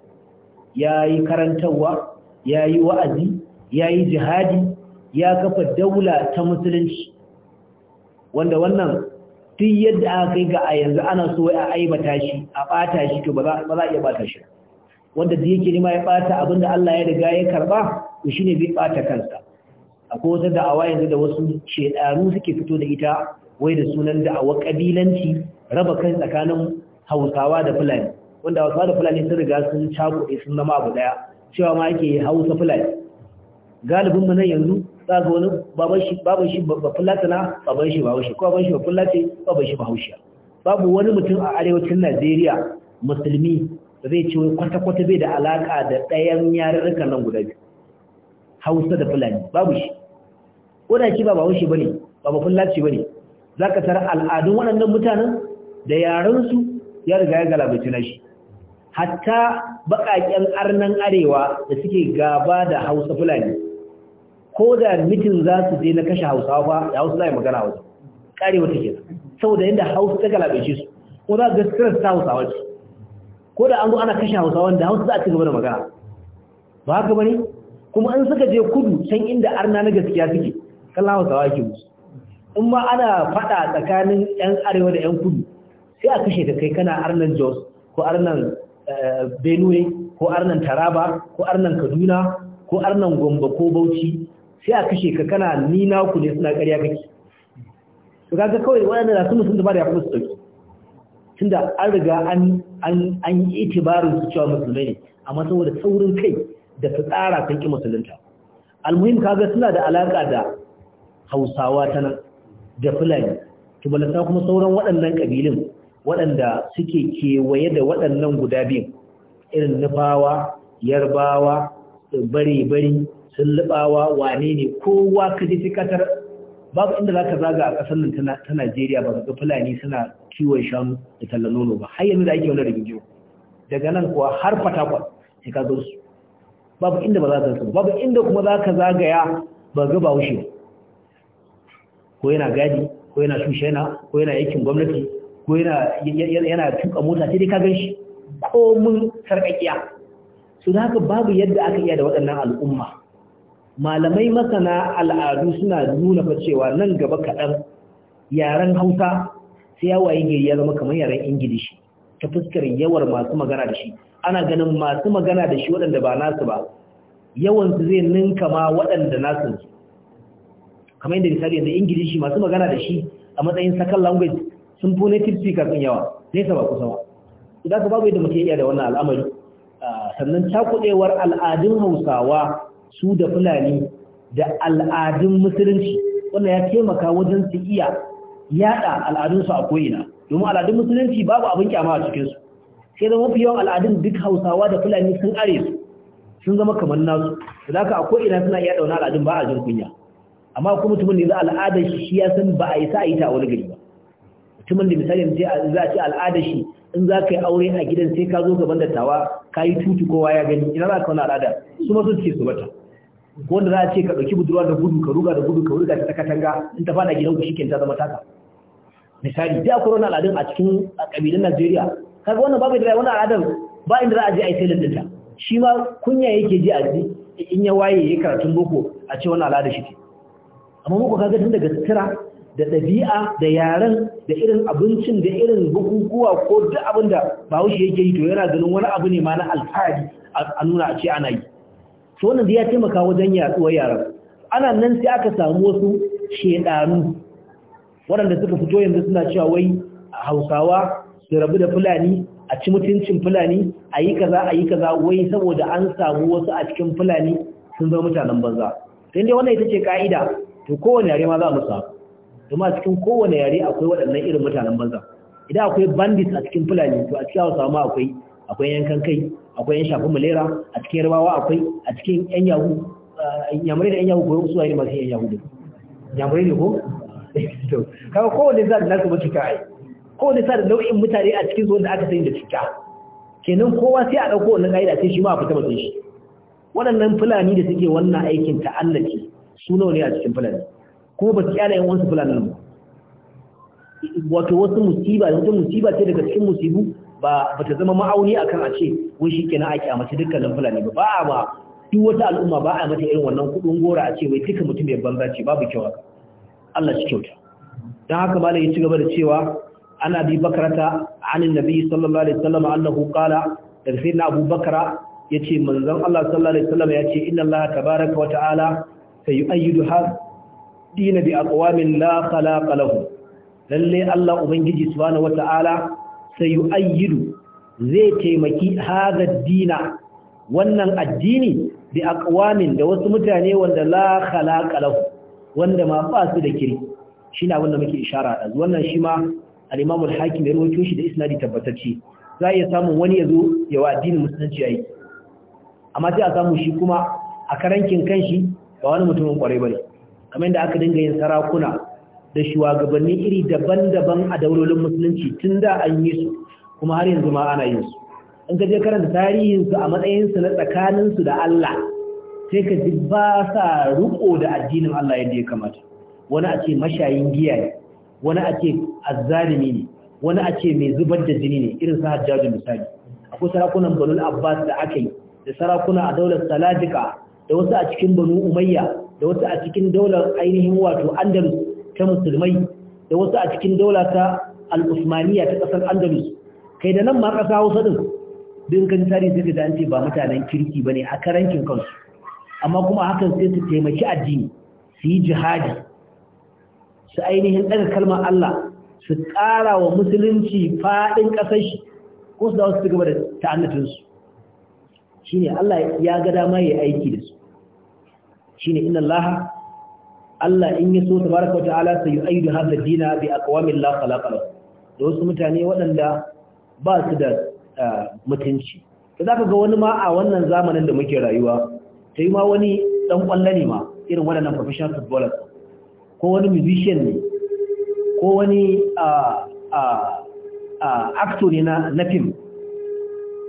ya yi karantarwa ya yi wa'azi ya yi jihadi ya kafa daula ta musulunci wanda wannan duk yadda aka kai ga a yanzu ana so a aibata shi a bata shi to ba za a iya bata shi wanda da yake nima ya bata abinda Allah ya riga ya karba to shine zai bata kansa akwai wata awa yanzu da wasu shedaru suke fito da ita wai da sunan da'awa kabilanci raba kai tsakanin Hausawa da Fulani wanda Hausawa da Fulani sun riga sun cakuɗe sun zama abu daya cewa ma yake Hausa Fulani galibin mu nan yanzu za ga wani baban shi baban shi bafulatana baban shi haushi. ko baban shi bafulate baban shi ba bahaushe babu wani mutum a arewacin Najeriya musulmi da zai ce wai kwata-kwata bai da alaka da ɗayan yarurrukan nan guda biyu Hausa da Fulani babu shi wanda shi ba bahaushe bane ba ne, bane zaka tara al'adun waɗannan mutanen da yarensu ya riga ya galabaci na shi hatta baƙaƙen arnan arewa da suke gaba da Hausa Fulani ko da mitin za su je na kashe hausawa ba ya hausa za a yi magana wajen karewa ta ke saboda yadda hausa ta galabace su ko za ga stress ta hausawa ce ko da an zo ana kashe hausa wanda hausa za a ci gaba da magana ba haka bane kuma an suka je kudu can inda arna na gaskiya suke kallon hausawa ke musu in ma ana faɗa tsakanin yan arewa da yan kudu sai a kashe ka kai kana arnan jos ko arnan eh, benue ko arnan taraba ko arnan kaduna ko arnan gombe ko bauchi sai a kashe ka kana ni na ku ne suna ƙarya kake to kaga kawai waɗanda da su da ba da yafi su dauki tunda an riga an an an yi itibarin su cewa musulmai ne amma saboda saurin kai da fitsara kan ki musulunta almuhim kaga suna da alaka da Hausawa ta nan da Fulani to balanta kuma sauran waɗannan kabilun waɗanda suke kewaye da waɗannan guda biyu irin nufawa yarbawa bare-bare sullubawa wane ne kowa ka je kasar babu inda za ka zaga a ƙasar nan ta Najeriya ba ga Fulani suna kiwon shanu da tallan nono ba har yanzu da ake wani rigingimu daga nan kuwa har fatakwal sai ka zo su babu inda ba za ka zo babu inda kuma za ka zagaya ba ga ba wuce ko yana gadi ko yana na ko yana aikin gwamnati ko yana tuka mota sai dai ka gan shi mun sarƙaƙiya su da haka babu yadda aka iya da waɗannan al'umma malamai masana al'adu suna nuna fa cewa nan gaba kaɗan yaren hausa sai ya waye ya zama kamar yaren ingilishi ta fuskar yawar masu magana da shi ana ganin masu magana da shi waɗanda ba nasu ba yawansu zai ninka ma waɗanda nasu su kamar yadda misali yanzu ingilishi masu magana da shi a matsayin second language sun fi native speaker sun yawa nesa ba kusa ba idan ka babu yadda mutum ya iya da wannan al'amari ah, sannan cakuɗewar al'adun hausawa su da fulani da al'adun musulunci wannan ya taimaka wajen su iya yada al'adunsu a ko'ina domin al'adun musulunci babu abin kyama a cikinsu sai zama mafi yawan al'adun duk hausawa da fulani sun are su sun zama kamar nasu da a ko'ina suna iya dauna al'adun ba a jin kunya amma kuma mutumin da al'adar shi shi ya san ba a yi sa a yi ta a wani gari ba mutumin da misali za a ce al'adar shi in za ka yi aure a gidan sai ka zo gaban tawa, ka yi tutu kowa ya gani ina za ka wani al'ada su ma sun ce su bata ko wanda za a ce ka ɗauki budurwa da gudu ka ruga da gudu ka ruga ta katanga in ta fada ku shi ta zama taka misali da akwai wani al'adun a cikin ƙabilun Najeriya kaga wannan babu da wani al'adun ba inda za a je a yi silin dinta shi ma kunya yake ji a ji in ya waye ya karatun boko a ce wani al'ada shi amma muku kaga tun daga sutura da ɗabi'a da yaren da irin abincin da irin bukukuwa ko duk abin da bahaushe yake yi to yana ganin wani abu ne ma na alfahari a nuna a ce ana yi su wannan da ya taimaka wajen yaduwar yaran ana nan sai aka samu wasu shedanu waɗanda suka fito yanzu suna cewa wai hausawa su rabu da fulani a ci mutuncin fulani a yi kaza a yi kaza wai saboda an samu wasu a cikin fulani sun zama mutanen banza sai dai wannan ita ce ka'ida to kowane yare ma za mu samu kuma a cikin kowane yare akwai waɗannan irin mutanen banza idan akwai bandits a cikin fulani to a cikin hausawa ma akwai akwai yankan kai akwai yan shafin mulera a cikin yarbawa akwai a cikin yan yahu eh, yamurai da yan yahu koyon yi masu yan yahu din yamurai ne ko to kaga kowanne za da nasu mutuka ai kowane sa da nau'in mutane a cikin su wanda aka sayi da cuta kenan kowa sai a ɗauko wannan ƙa'ida sai shi ma a fita mace shi waɗannan fulani da suke wannan aikin ta'allaci su nawa ne a cikin fulani kuma ba su kyala yan wasu fulani ba wato wasu musiba wata musiba ce daga cikin musibu ba ba ta zama ma'auni akan a ce wai shi kenan a kyamace dukkanin fulani ba ba ma duk wata al'umma ba a mata irin wannan kudin gora a ce wai duka mutum mai banza ce babu kyau haka Allah shi kyauta don haka malam ya ci gaba da cewa ana bi bakarata anin nabi sallallahu alaihi wasallam annahu qala da sai na Abu Bakara yace manzon Allah sallallahu alaihi wasallam yace inna Allah tabaaraka wa ta'ala sayu'ayyidu dina bi aqwamin la khalaqa lahum lalle Allah ubangiji subhanahu wa ta'ala Sayu sayu'ayyidu zai taimaki hagaddina dina wannan addini bi aqwamin da wasu mutane wanda la khalaqa lahu wanda ma ba su da kiri shine abin da muke ishara da wannan shi ma al-Imam al-Hakim ya rawaito shi da isnadi tabbatacce za ya samu wani yazo ya wa addinin musulunci yayi amma sai a samu shi kuma a karankin kanshi ba wani mutumin kwarai bane kamar yadda aka dinga yin sarakuna da shugabanni iri daban-daban a daurolin musulunci tun da an yi su kuma har yanzu ma ana yin su in ka je karanta tarihinsu a matsayinsu na tsakaninsu da Allah sai ka ji ba sa riko da addinin Allah yadda ya kamata wani a ce mashayin giya ne wani a ce azzalimi ne wani a ce mai zubar da jini ne irin sa hajjaju misali akwai sarakunan banul abbas da aka yi da sarakuna a daular salajika da wasu a cikin banu umayya da wasu a cikin daular ainihin wato andalus ta musulmai da wasu a cikin daulata al usmaniyya ta kasar andalus kai da nan ma kasa hausa din din kan tarihi sai da an ba mutanen kirki bane a karankin kansu amma kuma hakan sai su taimaki addini su yi jihadi su ainihin daga kalmar Allah su ƙara wa musulunci faɗin ƙasar shi ko su dawo su gaba da ta'annatinsu shi ne Allah ya ga dama ya aiki da su shi inna Allah Allah in ya so tabaraka wa ta'ala sai yu'aidu hadha dina bi aqwamin la khalaqa lahu da wasu mutane waɗanda ba su da mutunci da zaka ga wani ma a wannan zamanin da muke rayuwa sai ma wani dan kwallo ne ma irin waɗannan professional footballers ko wani musician ne ko wani actor ne na film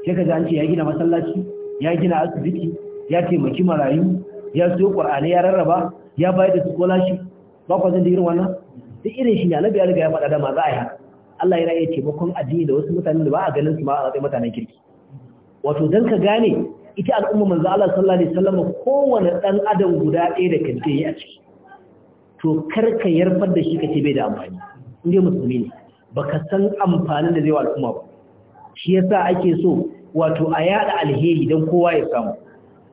sai ka an ce ya gina masallaci ya gina asibiti ya taimaki marayu ya siyo qur'ani ya rarraba ya bayar da scholarship ba kwa zan da irin wannan duk irin shi ne annabi ya riga ya faɗa dama za a yi haka Allah ya yana iya taimakon addini da wasu mutanen da ba a ganin su ba a matsayin mutanen kirki wato dan ka gane ita al'umma manzo Allah sallallahu alaihi wasallam kowanne dan adam guda ɗaya da kanta yi a ciki to karka yarfar da shi kace bai da amfani inda musulmi ne baka san amfanin da zai wa al'umma ba shi yasa ake so wato a yada alheri dan kowa ya samu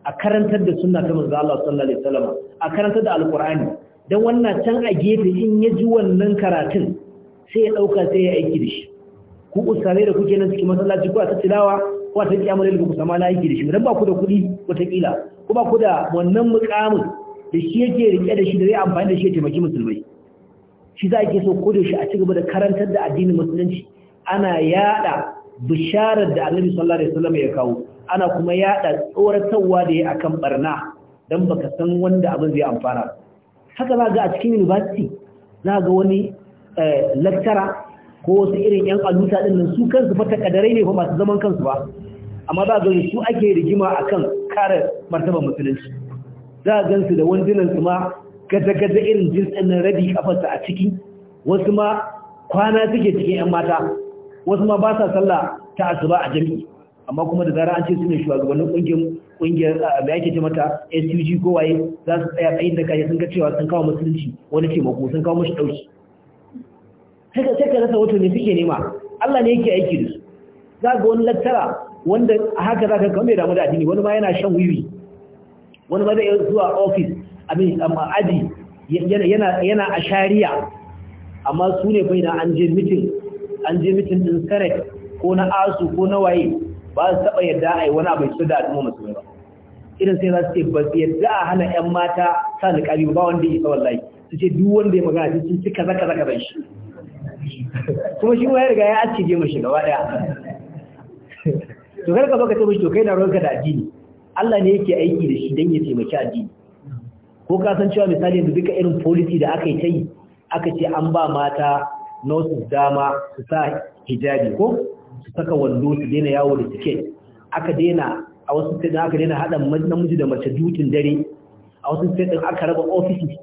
a karantar da suna ta manzo Allah sallallahu alaihi wasallam a karantar da alqur'ani dan wannan can a gefe in ya ji wannan karatun sai ya dauka sai ya aiki da shi ku usare da kuke nan cikin masallaci ko a tilawa ko ta kiyamul da ku sama na aiki da shi dan ba ku da kudi wataƙila ko ba ku da wannan mukamin da shi yake rike da shi da zai amfani da shi ya taimaki musulmai shi za ke so ko da shi a cigaba da karantar da addinin musulunci ana yada bisharar da annabi sallallahu alaihi wasallam ya kawo ana kuma yada tsoratarwa da ya akan barna don baka san wanda abin zai amfana haka za ga a cikin university za ga wani eh, lecturer ko wasu irin yan aluta din nan su kansu fa takadarai ne fa masu zaman kansu ba amma za ga su ake rigima akan kare martaba musulunci za ga gansu da wandunan su ma gaza-gaza irin jinsin nan rabi kafarsa a ciki wasu ma kwana suke cikin yan mata wasu ma ba sa sallah ta asuba a jami'i amma kuma da zara an ce suna ne shugabannin kungiyar kungiyar da yake ce mata SUG ko waye za su tsaya tsayin da kai sun ga cewa sun kawo musulunci wani ce mako sun kawo mashi ɗauki sai ka sai ka rasa wato ne suke nema Allah ne yake aiki da su za ga wani lattara wanda a haka za ka mai damu da addini wani ma yana shan wiwi wani ma zai zuwa ofis abin amma aji yana a shariya. amma su ne bai na an je mitin an je mitin din sarek ko na asu ko na waye ba su taɓa yadda a yi wani abu su da al'umma musulmai ba irin sai za su ce ba su yadda a hana 'yan mata sa ƙari ba wanda ya tsawon layi. su ce duk wanda ya magana sun ci kaza kaza kaza shi kuma shi ma ya riga ya aske je mashi gaba ɗaya to karka baka taimaki mashi to kai na ruwanka da addini Allah ne yake aiki da shi don ya taimaki addini ko ka san cewa misali yanzu duka irin policy da aka yi ta yi aka ce an ba mata nosis dama su sa hijabi ko su saka wando su daina yawo da tiket aka daina a wasu sai aka daina haɗa namiji da mace dutin dare a wasu sai aka raba ofishi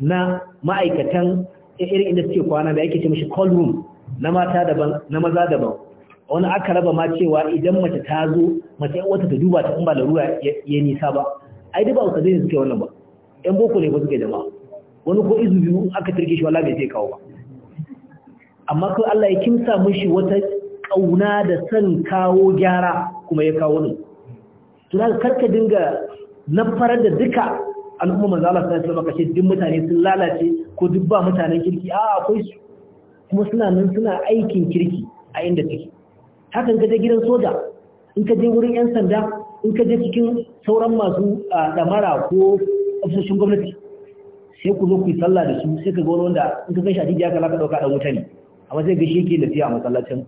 na ma'aikatan irin inda suke kwana da ake ce mishi call room na mata daban na maza daban wani aka raba ma cewa idan mace ta zo mace yan wata ta duba ta in ba da ruwa ya nisa ba ai duba ba zai suke wannan ba yan boko ne ba suke jama'a wani ko izu biyu aka turke shi wala bai sai kawo ba amma ko Allah ya kimsa mishi wata ƙauna da san kawo gyara kuma ya kawo ne da karka dinga na farar da duka al'umma manzo Allah sallallahu alaihi wasallam ce duk mutane sun lalace ko duk ba mutanen kirki a akwai su kuma suna nan suna aikin kirki a inda take hakan ka je gidan soja in ka je wurin yan sanda in ka je cikin sauran masu damara ko ofisoshin gwamnati sai ku zo ku yi sallah da su sai ka ga wanda in ka gan shi a jijiya ka za ka ɗauka ɗan wuta ne amma sai ga shi ke lafiya a masallacin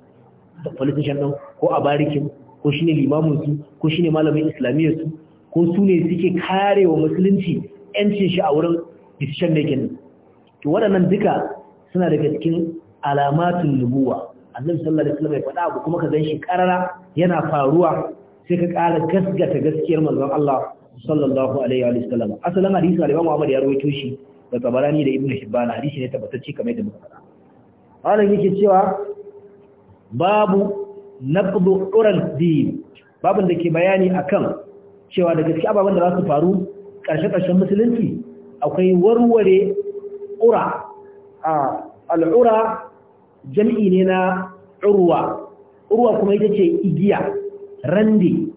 politician ɗin ko a barikin ko shine limamin su ko shine malamin islamiyyar su ko su ne suke kare wa musulunci yancin shi a wurin decision making to waɗannan duka suna daga cikin alamatin nubuwa annabi sallallahu alaihi wasallam ya faɗa abu kuma ka gan shi karara yana faruwa sai ka ƙara gasgata gaskiyar manzon Allah sallallahu alaihi wa sallam asalin hadisi da Imam Ahmad ya rawaito shi da Tabarani da Ibn Hibban hadisi ne tabbatacce kamar yadda muka faɗa Allah yake cewa babu naqdu ural din babin da ke bayani akan cewa da gaske ababen da za su faru ƙarshe karshen musulunci akwai warware ura a al'ura jam'i ne na urwa urwa kuma ita ce igiya randi,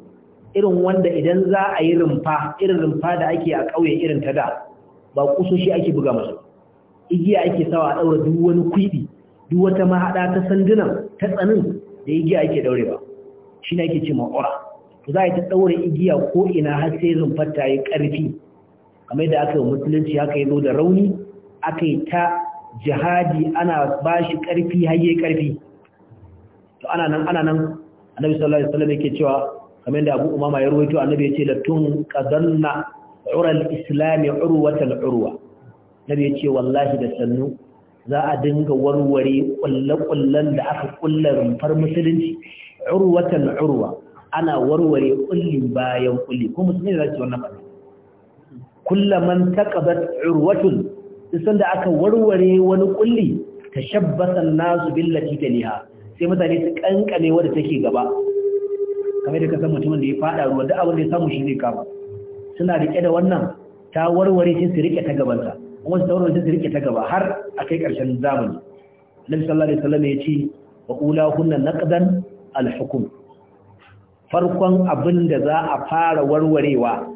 irin wanda idan za a yi rumfa irin rumfa da ake a ƙauye irin ta da ba kusoshi ake buga masu igiya ake sawa a ɗaura duk wani kwiɗi duk wata mahaɗa ta sanduna ta tsanin da igiya ake daurewa shi ne ake ce ma'ura to za a yi ta ɗaure igiya ko ina har sai rumfar ta yi ƙarfi kamar da aka yi musulunci aka yi zo da rauni aka yi ta jihadi ana ba shi ƙarfi har yi ƙarfi to ana nan ana nan annabi sallallahu alaihi wasallam yake cewa kamar da Abu Umama ya ruwaito annabi ya ce tun qadanna ural islam urwatul urwa nabi ya ce wallahi da sannu za a dinga warware ƙulle ƙullen da aka kulla rumfar musulunci urwatan urwa ana warware kulli bayan kulli ko musulmi za su wannan fara kullaman taqabat urwatun duk da aka warware wani kulli tashabbasa nasu billati taliha sai mutane su kankane wanda take gaba kamar da ka san mutumin da ya fada ruwa duk abin da ya samu shi ne kama suna rike da wannan ta warware shi su rike ta gabanta kuma su taurin ta rike ta gaba har a kai ƙarshen zamani nabi sallallahu alaihi wasallam ya ce wa qula hunna naqdan al hukm farkon abin da za a fara warwarewa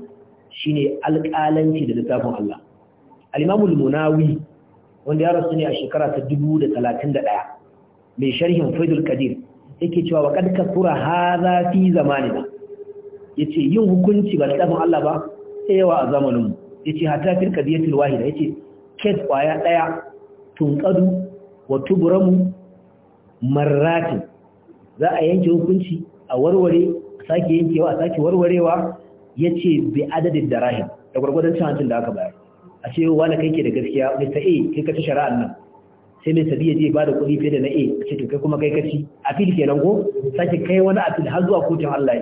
shine alƙalanci da littafin Allah al-imamu al-munawi wanda ya rasu ne a shekara ta 1031 mai sharhin faidul qadir yake cewa wa kad kafura hadha fi zamanina yace yin hukunci ba littafin Allah ba sai yawa a zamaninmu yace hatta fil qadiyatil wahida yace kes kwaya daya tunqadu wa tubramu marratin za a yanke hukunci a warware a sake yankewa a sake warwarewa yace bi adadin darahim da gurgurdan cin da aka bayar a ce wala kai ke da gaskiya ta A kai ka ci shari'an nan sai mai sabiya ya je ba da kuɗi fiye da na A a ce to kai kuma kai ka ci apil kenan ko sake kai wani fil har zuwa kotun Allah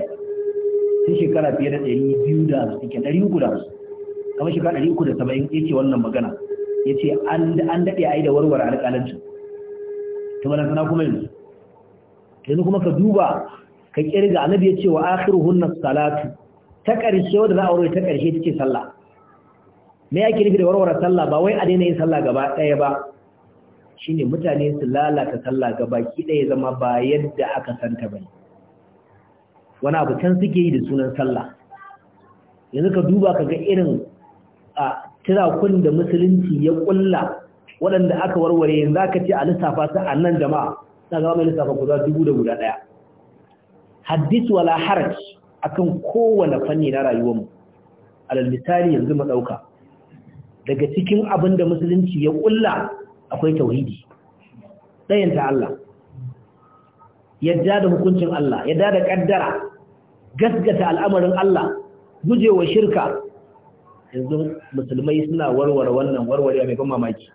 sai shekara fiye da ɗari biyu da hamsin ɗari uku da hamsin kamar shekara ɗari uku da saba'in yake wannan magana ya ce an daɗe a yi da warware alƙalancin ta sana kuma yanzu yanzu kuma ka duba ka ƙirga annabi ya ce wa akhiru hunna salatu ta ƙarshe wadda za a wuri ta ƙarshe ta ce sallah me ke nufi da warware sallah ba wai a daina yin sallah gaba ɗaya ba shine mutane su lalata sallah gaba ki ɗaya zama ba yadda aka santa bane wani abu can suke yi da sunan sallah yanzu ka duba ka ga irin a tirakun da musulunci ya kulla waɗanda aka warware yanzu aka ce a lissafa su a nan jama'a na zama mai lissafa guda dubu da guda ɗaya haddis wala haraj kan kowane fanni na rayuwarmu alal misali yanzu mu ɗauka daga cikin abin da musulunci ya kulla akwai tauhidi ɗayanta Allah yadda da hukuncin Allah yadda da ƙaddara gaskata al'amarin Allah gujewa shirka yanzu musulmai suna warware wannan warware mai ban mamaki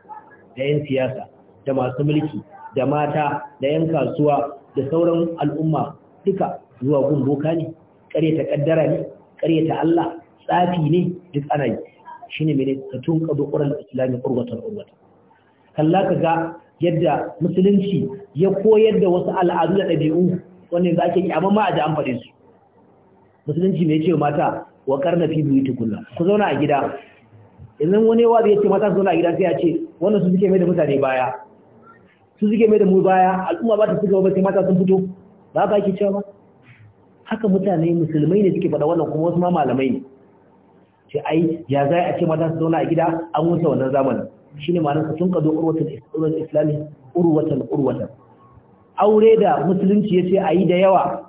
da 'yan siyasa da masu mulki da mata da 'yan kasuwa da sauran al'umma duka zuwa gun boka ne ta kaddara ne ta Allah tsafi ne duk ana yi shine ne mene ka tun ƙado islami ƙurwatan ƙurwata kalla ka ga yadda musulunci ya koyar da wasu al'adu da ɗabi'u wanda za ke kyamama a ji an faɗe su musulunci mai ce mata wa karna fi buyutikunna ku zauna a gida yanzu wani wa ya ce mata su zauna a gida sai ya ce wannan su suke mai da mutane baya su suke mai da mu baya al'umma ba ta suka ba sai mata sun fito ba ka ki cewa ba haka mutane musulmai ne suke faɗa wannan kuma wasu ma malamai ne ce ai ya zai a ce mata su zauna a gida an wuce wannan zamanin shine ma'anar ka sun kado urwatul islami urwatan urwatan aure da musulunci yace ayi da yawa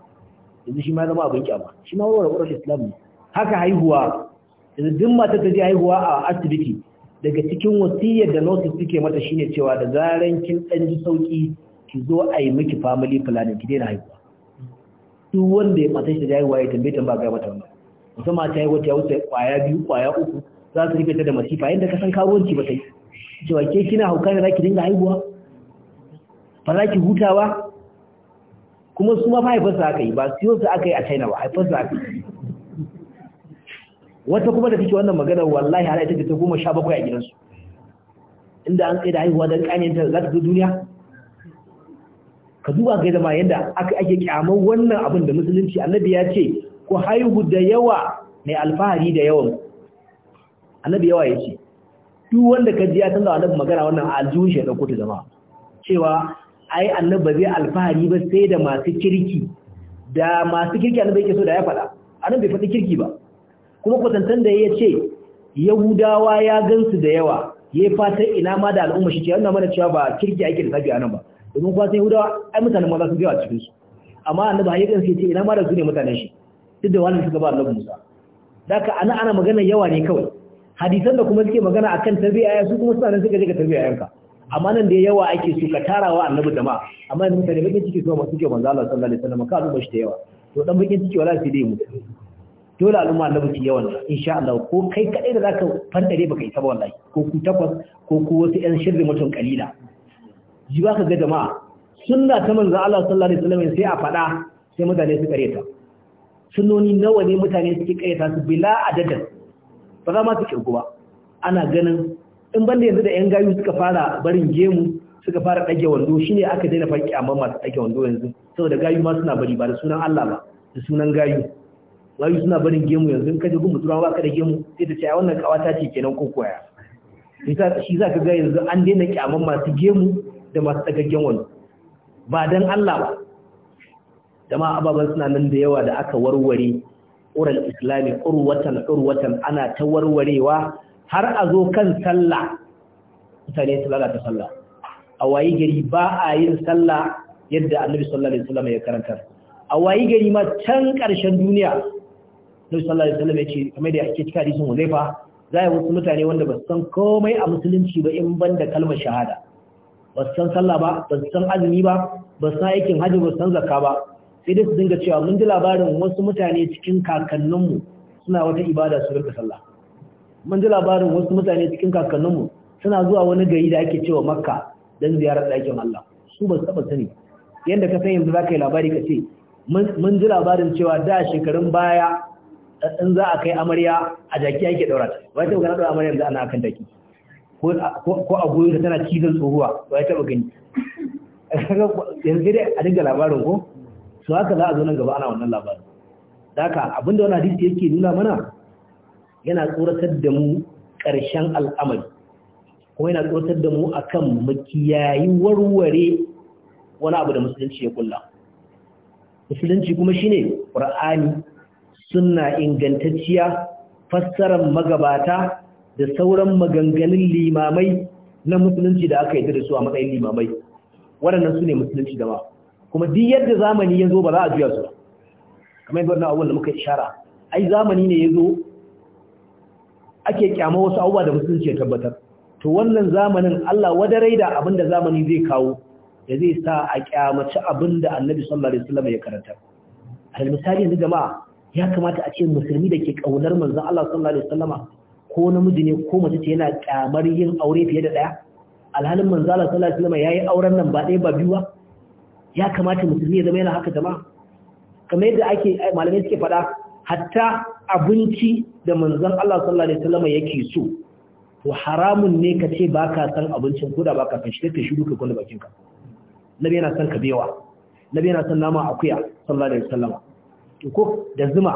yanzu shi ma zama abin kyama shi ma wurwar urwatul islami haka haihuwa yanzu duk mata ta ji haihuwa a asibiti daga cikin wasiyar da nurses suke mata shine cewa da zaran kin dan ji sauki ki zo a yi miki family planning ki daina haihuwa duk wanda ya mata shi da haihuwa ya tambaye ta ba ga mata wannan musamman ta haihuwa ta wuce kwaya biyu kwaya uku za su rike ta da masifa yadda ka san karuwanci ba ta yi cewa ke kina hauka ne za ki dinga haihuwa ba za ki hutawa kuma su ma haifarsa aka yi ba siyo su aka yi a china ba haifarsa aka yi wata kuma da take wannan magana wallahi har ita ta goma sha bakwai a gidansu inda an tsaye da haihuwa don ta za ta zo duniya ka duba ga zama yadda aka ake kyaman wannan abin da musulunci annabi ya ce ku haihu da yawa mai alfahari da yawan annabi yawa ya ce duk wanda ka ji ya canza annabi magana wannan aljihun shi ya ɗauko ta zama cewa ai annabi ba zai alfahari ba sai da masu kirki da masu kirki annabi yake so da ya faɗa annabi bai faɗi kirki ba kuma kwatantan da ya ce yahudawa ya gansu da yawa ya yi fatan ina ma da al'umma shi ce yana mana cewa ba kirki ake da sabi a nan ba domin kuwa sai yahudawa ai mutanen maza sun yawa cikin su amma annabi hayyakan sai ce ina ma da su ne mutanen shi duk da wani suka ba annabi musa daga ana ana magana yawa ne kawai hadisan da kuma suke magana akan tarbiya ya su kuma suna nan suka je ga tarbiyya yanka amma nan da yawa ake su ka tarawa annabi jama'a amma yanzu mutane bakin ciki su ma suke manzo Allah sallallahu alaihi wasallam ka zo shi da yawa to dan bakin ciki wala sai dai mutu dole al'umma na ki yawan insha Allah ko kai kadai da zaka fandare baka yi ta ba wallahi ko ku takwas ko ku wasu ɗan shirri mutum kalila ji ba ka ga jama'a sunna ta manzo Allah sallallahu alaihi wasallam sai a fada sai mutane su kare ta sunnoni nawa ne mutane suke ta su bila adadin ba za ma su kirgu ba ana ganin in banda yanzu da yan gayu suka fara barin gemu suka fara dage wando shine aka daina farki amma masu dage wando yanzu saboda gayu ma suna bari ba da sunan Allah ba da sunan gayu wayu suna barin gemu yanzu ka je gun turawa ka da gemu sai ta ce ai wannan kawata ce kenan ko koya shi za ka ga yanzu an daina kyaman masu gemu da masu tsagaggen wani ba don Allah ba jama'a ababan suna nan da yawa da aka warware ƙuran islami ƙurwatan ƙurwatan ana ta warwarewa har a zo kan sallah mutane su lalata sallah a wayi gari ba a yin sallah yadda annabi sallallahu alaihi wasallam ya karanta a wayi gari ma can ƙarshen duniya Nabi sallallahu alaihi wasallam ya ce kamar da ake cika hadisin Huzaifa za ya wasu mutane wanda ba san komai a musulunci ba in banda kalmar shahada ba san sallah ba ba san azumi ba ba san aikin haji ba san zakka ba sai dai su dinga cewa mun ji labarin wasu mutane cikin kakanninmu suna wata ibada su rinka sallah mun ji labarin wasu mutane cikin kakanninmu suna zuwa wani gari da ake cewa makka don ziyarar ɗakin Allah su ba su taɓa sani yadda ka san yanzu za ka yi labari ka ce mun ji labarin cewa da shekarun baya in za a kai amarya a jaki yake daura ta wai ta na daura amarya yanzu ana kan jaki ko a goyon ta tana cizon tsohuwa wai ta gani yanzu dai a dinga labarin ko su haka za a zo nan gaba ana wannan labarin ka abinda wani hadisi yake nuna mana yana tsoratar da mu karshen al'amari ko yana tsoratar da mu akan makiyayi warware wani abu da musulunci ya kulla musulunci kuma shine qur'ani sunna ingantacciya fassarar magabata da sauran maganganun limamai na musulunci da aka yi da su a matsayin limamai waɗannan su ne musulunci gama kuma duk yadda zamani ya zo ba za a juya su ba kamar yadda wannan abubuwan da muka ishara ai zamani ne ya zo ake kyama wasu abubuwa da musulunci ya tabbatar to wannan zamanin Allah wadarai da abin da zamani zai kawo da zai sa a kyamaci abin da annabi sallallahu alaihi wasallam ya karanta al misali yanzu jama'a ya kamata a ce musulmi da ke kaunar manzan Allah sallallahu alaihi wasallama ko namiji ne ko mace ce yana kyamar yin aure fiye da daya alhalin manzan Allah sallallahu alaihi wasallama yi auren nan ba ɗaya ba biyu ba ya kamata musulmi ya zama yana haka jama'a kamar yadda ake malamai suke faɗa hatta abinci da manzan Allah sallallahu alaihi wasallama yake so to haramun ne ka ce ba ka san abincin ko da ba ka san shi ka shiru ka kwanda bakinka nabi yana son kabewa nabi yana son nama akuya sallallahu alaihi wasallama to ko da zuma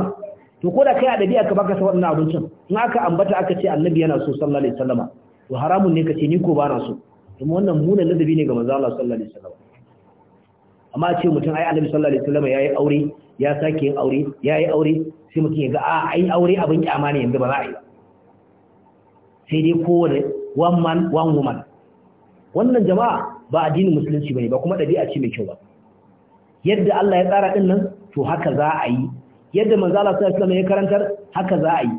to ko da kai a dabi'a ka baka sa wannan abincin in aka ambata aka ce annabi yana so sallallahu alaihi wasallama to haramun ne ka ce ni ko ba na so kuma wannan munan ladabi ne ga manzo Allah sallallahu alaihi wasallama amma a ce mutum ai annabi sallallahu alaihi wasallama yayi aure ya sake yin aure yayi aure sai mutum ya ga a ai aure abin kyama ne yanzu ba za a yi ba sai dai kowane one man one woman wannan jama'a ba addinin musulunci bane ba kuma dabi'a ce mai kyau ba yadda Allah ya tsara dinnan to haka za a yi yadda manzo Allah sallallahu ya karantar haka za a yi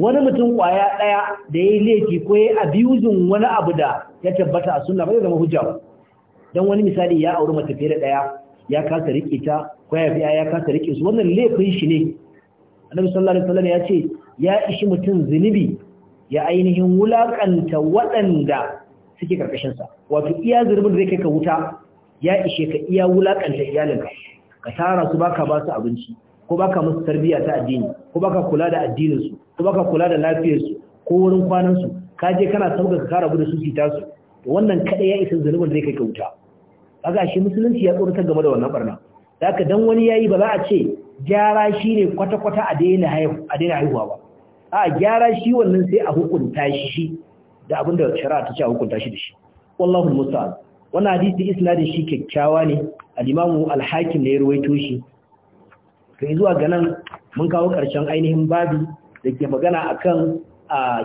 wani mutum kwaya ɗaya da yayi laifi ko yayi abusing wani abu da ya tabbata a sunna bai zama hujja ba dan wani misali ya auri mace fere daya ya kasa rike ta ko ya fi ya kasa rike su wannan laifin shi ne annabi sallallahu alaihi wasallam ya ce ya ishi mutum zinubi ya ainihin wulakanta waɗanda suke karkashin sa wato iya zunubin da zai kai ka wuta ya ishe ka iya wulakanta iyalinka ka tara su baka ba su abinci ko baka musu tarbiyya ta addini ko baka kula da addinin su ko baka kula da lafiyarsu ko wurin kwanan su ka je kana sauka ka karabu da su ta su wannan kada ya isa zunubin zai kai ka wuta kaga shi musulunci ya tsoratar game da wannan barna haka dan wani yayi ba za a ce gyara shi ne kwata-kwata a daina a daina haihuwa ba a gyara shi wannan sai a hukunta shi da abinda shari'a ta ce a hukunta shi da shi wallahu musta'an wannan hadisi isnadin shi kyakkyawa ne al-imamu al-hakim ne ya ruwaito shi kai zuwa ga nan mun kawo karshen ainihin babu da ke magana akan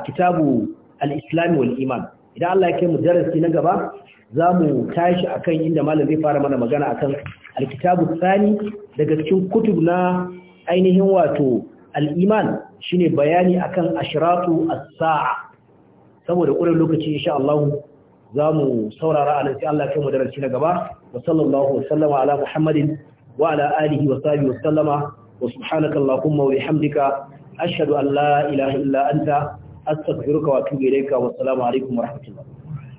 kitabu al-islam wal iman idan Allah ya kai mu darasi na gaba za mu tashi akan inda malam zai fara mana magana akan al-kitabu tsani daga cikin kutub na ainihin wato al-iman shine bayani akan ashratu as-sa'a saboda ƙurin lokaci insha Allah za mu saurara a nan sai Allah ya mu darasi na gaba wa sallallahu wa sallama ala muhammadin wa ala alihi wa sahbihi wa sallama wa subhanaka allahumma wa bihamdika ashhadu an la ilaha illa anta astaghfiruka wa atubu ilayka wa assalamu alaikum wa rahmatullah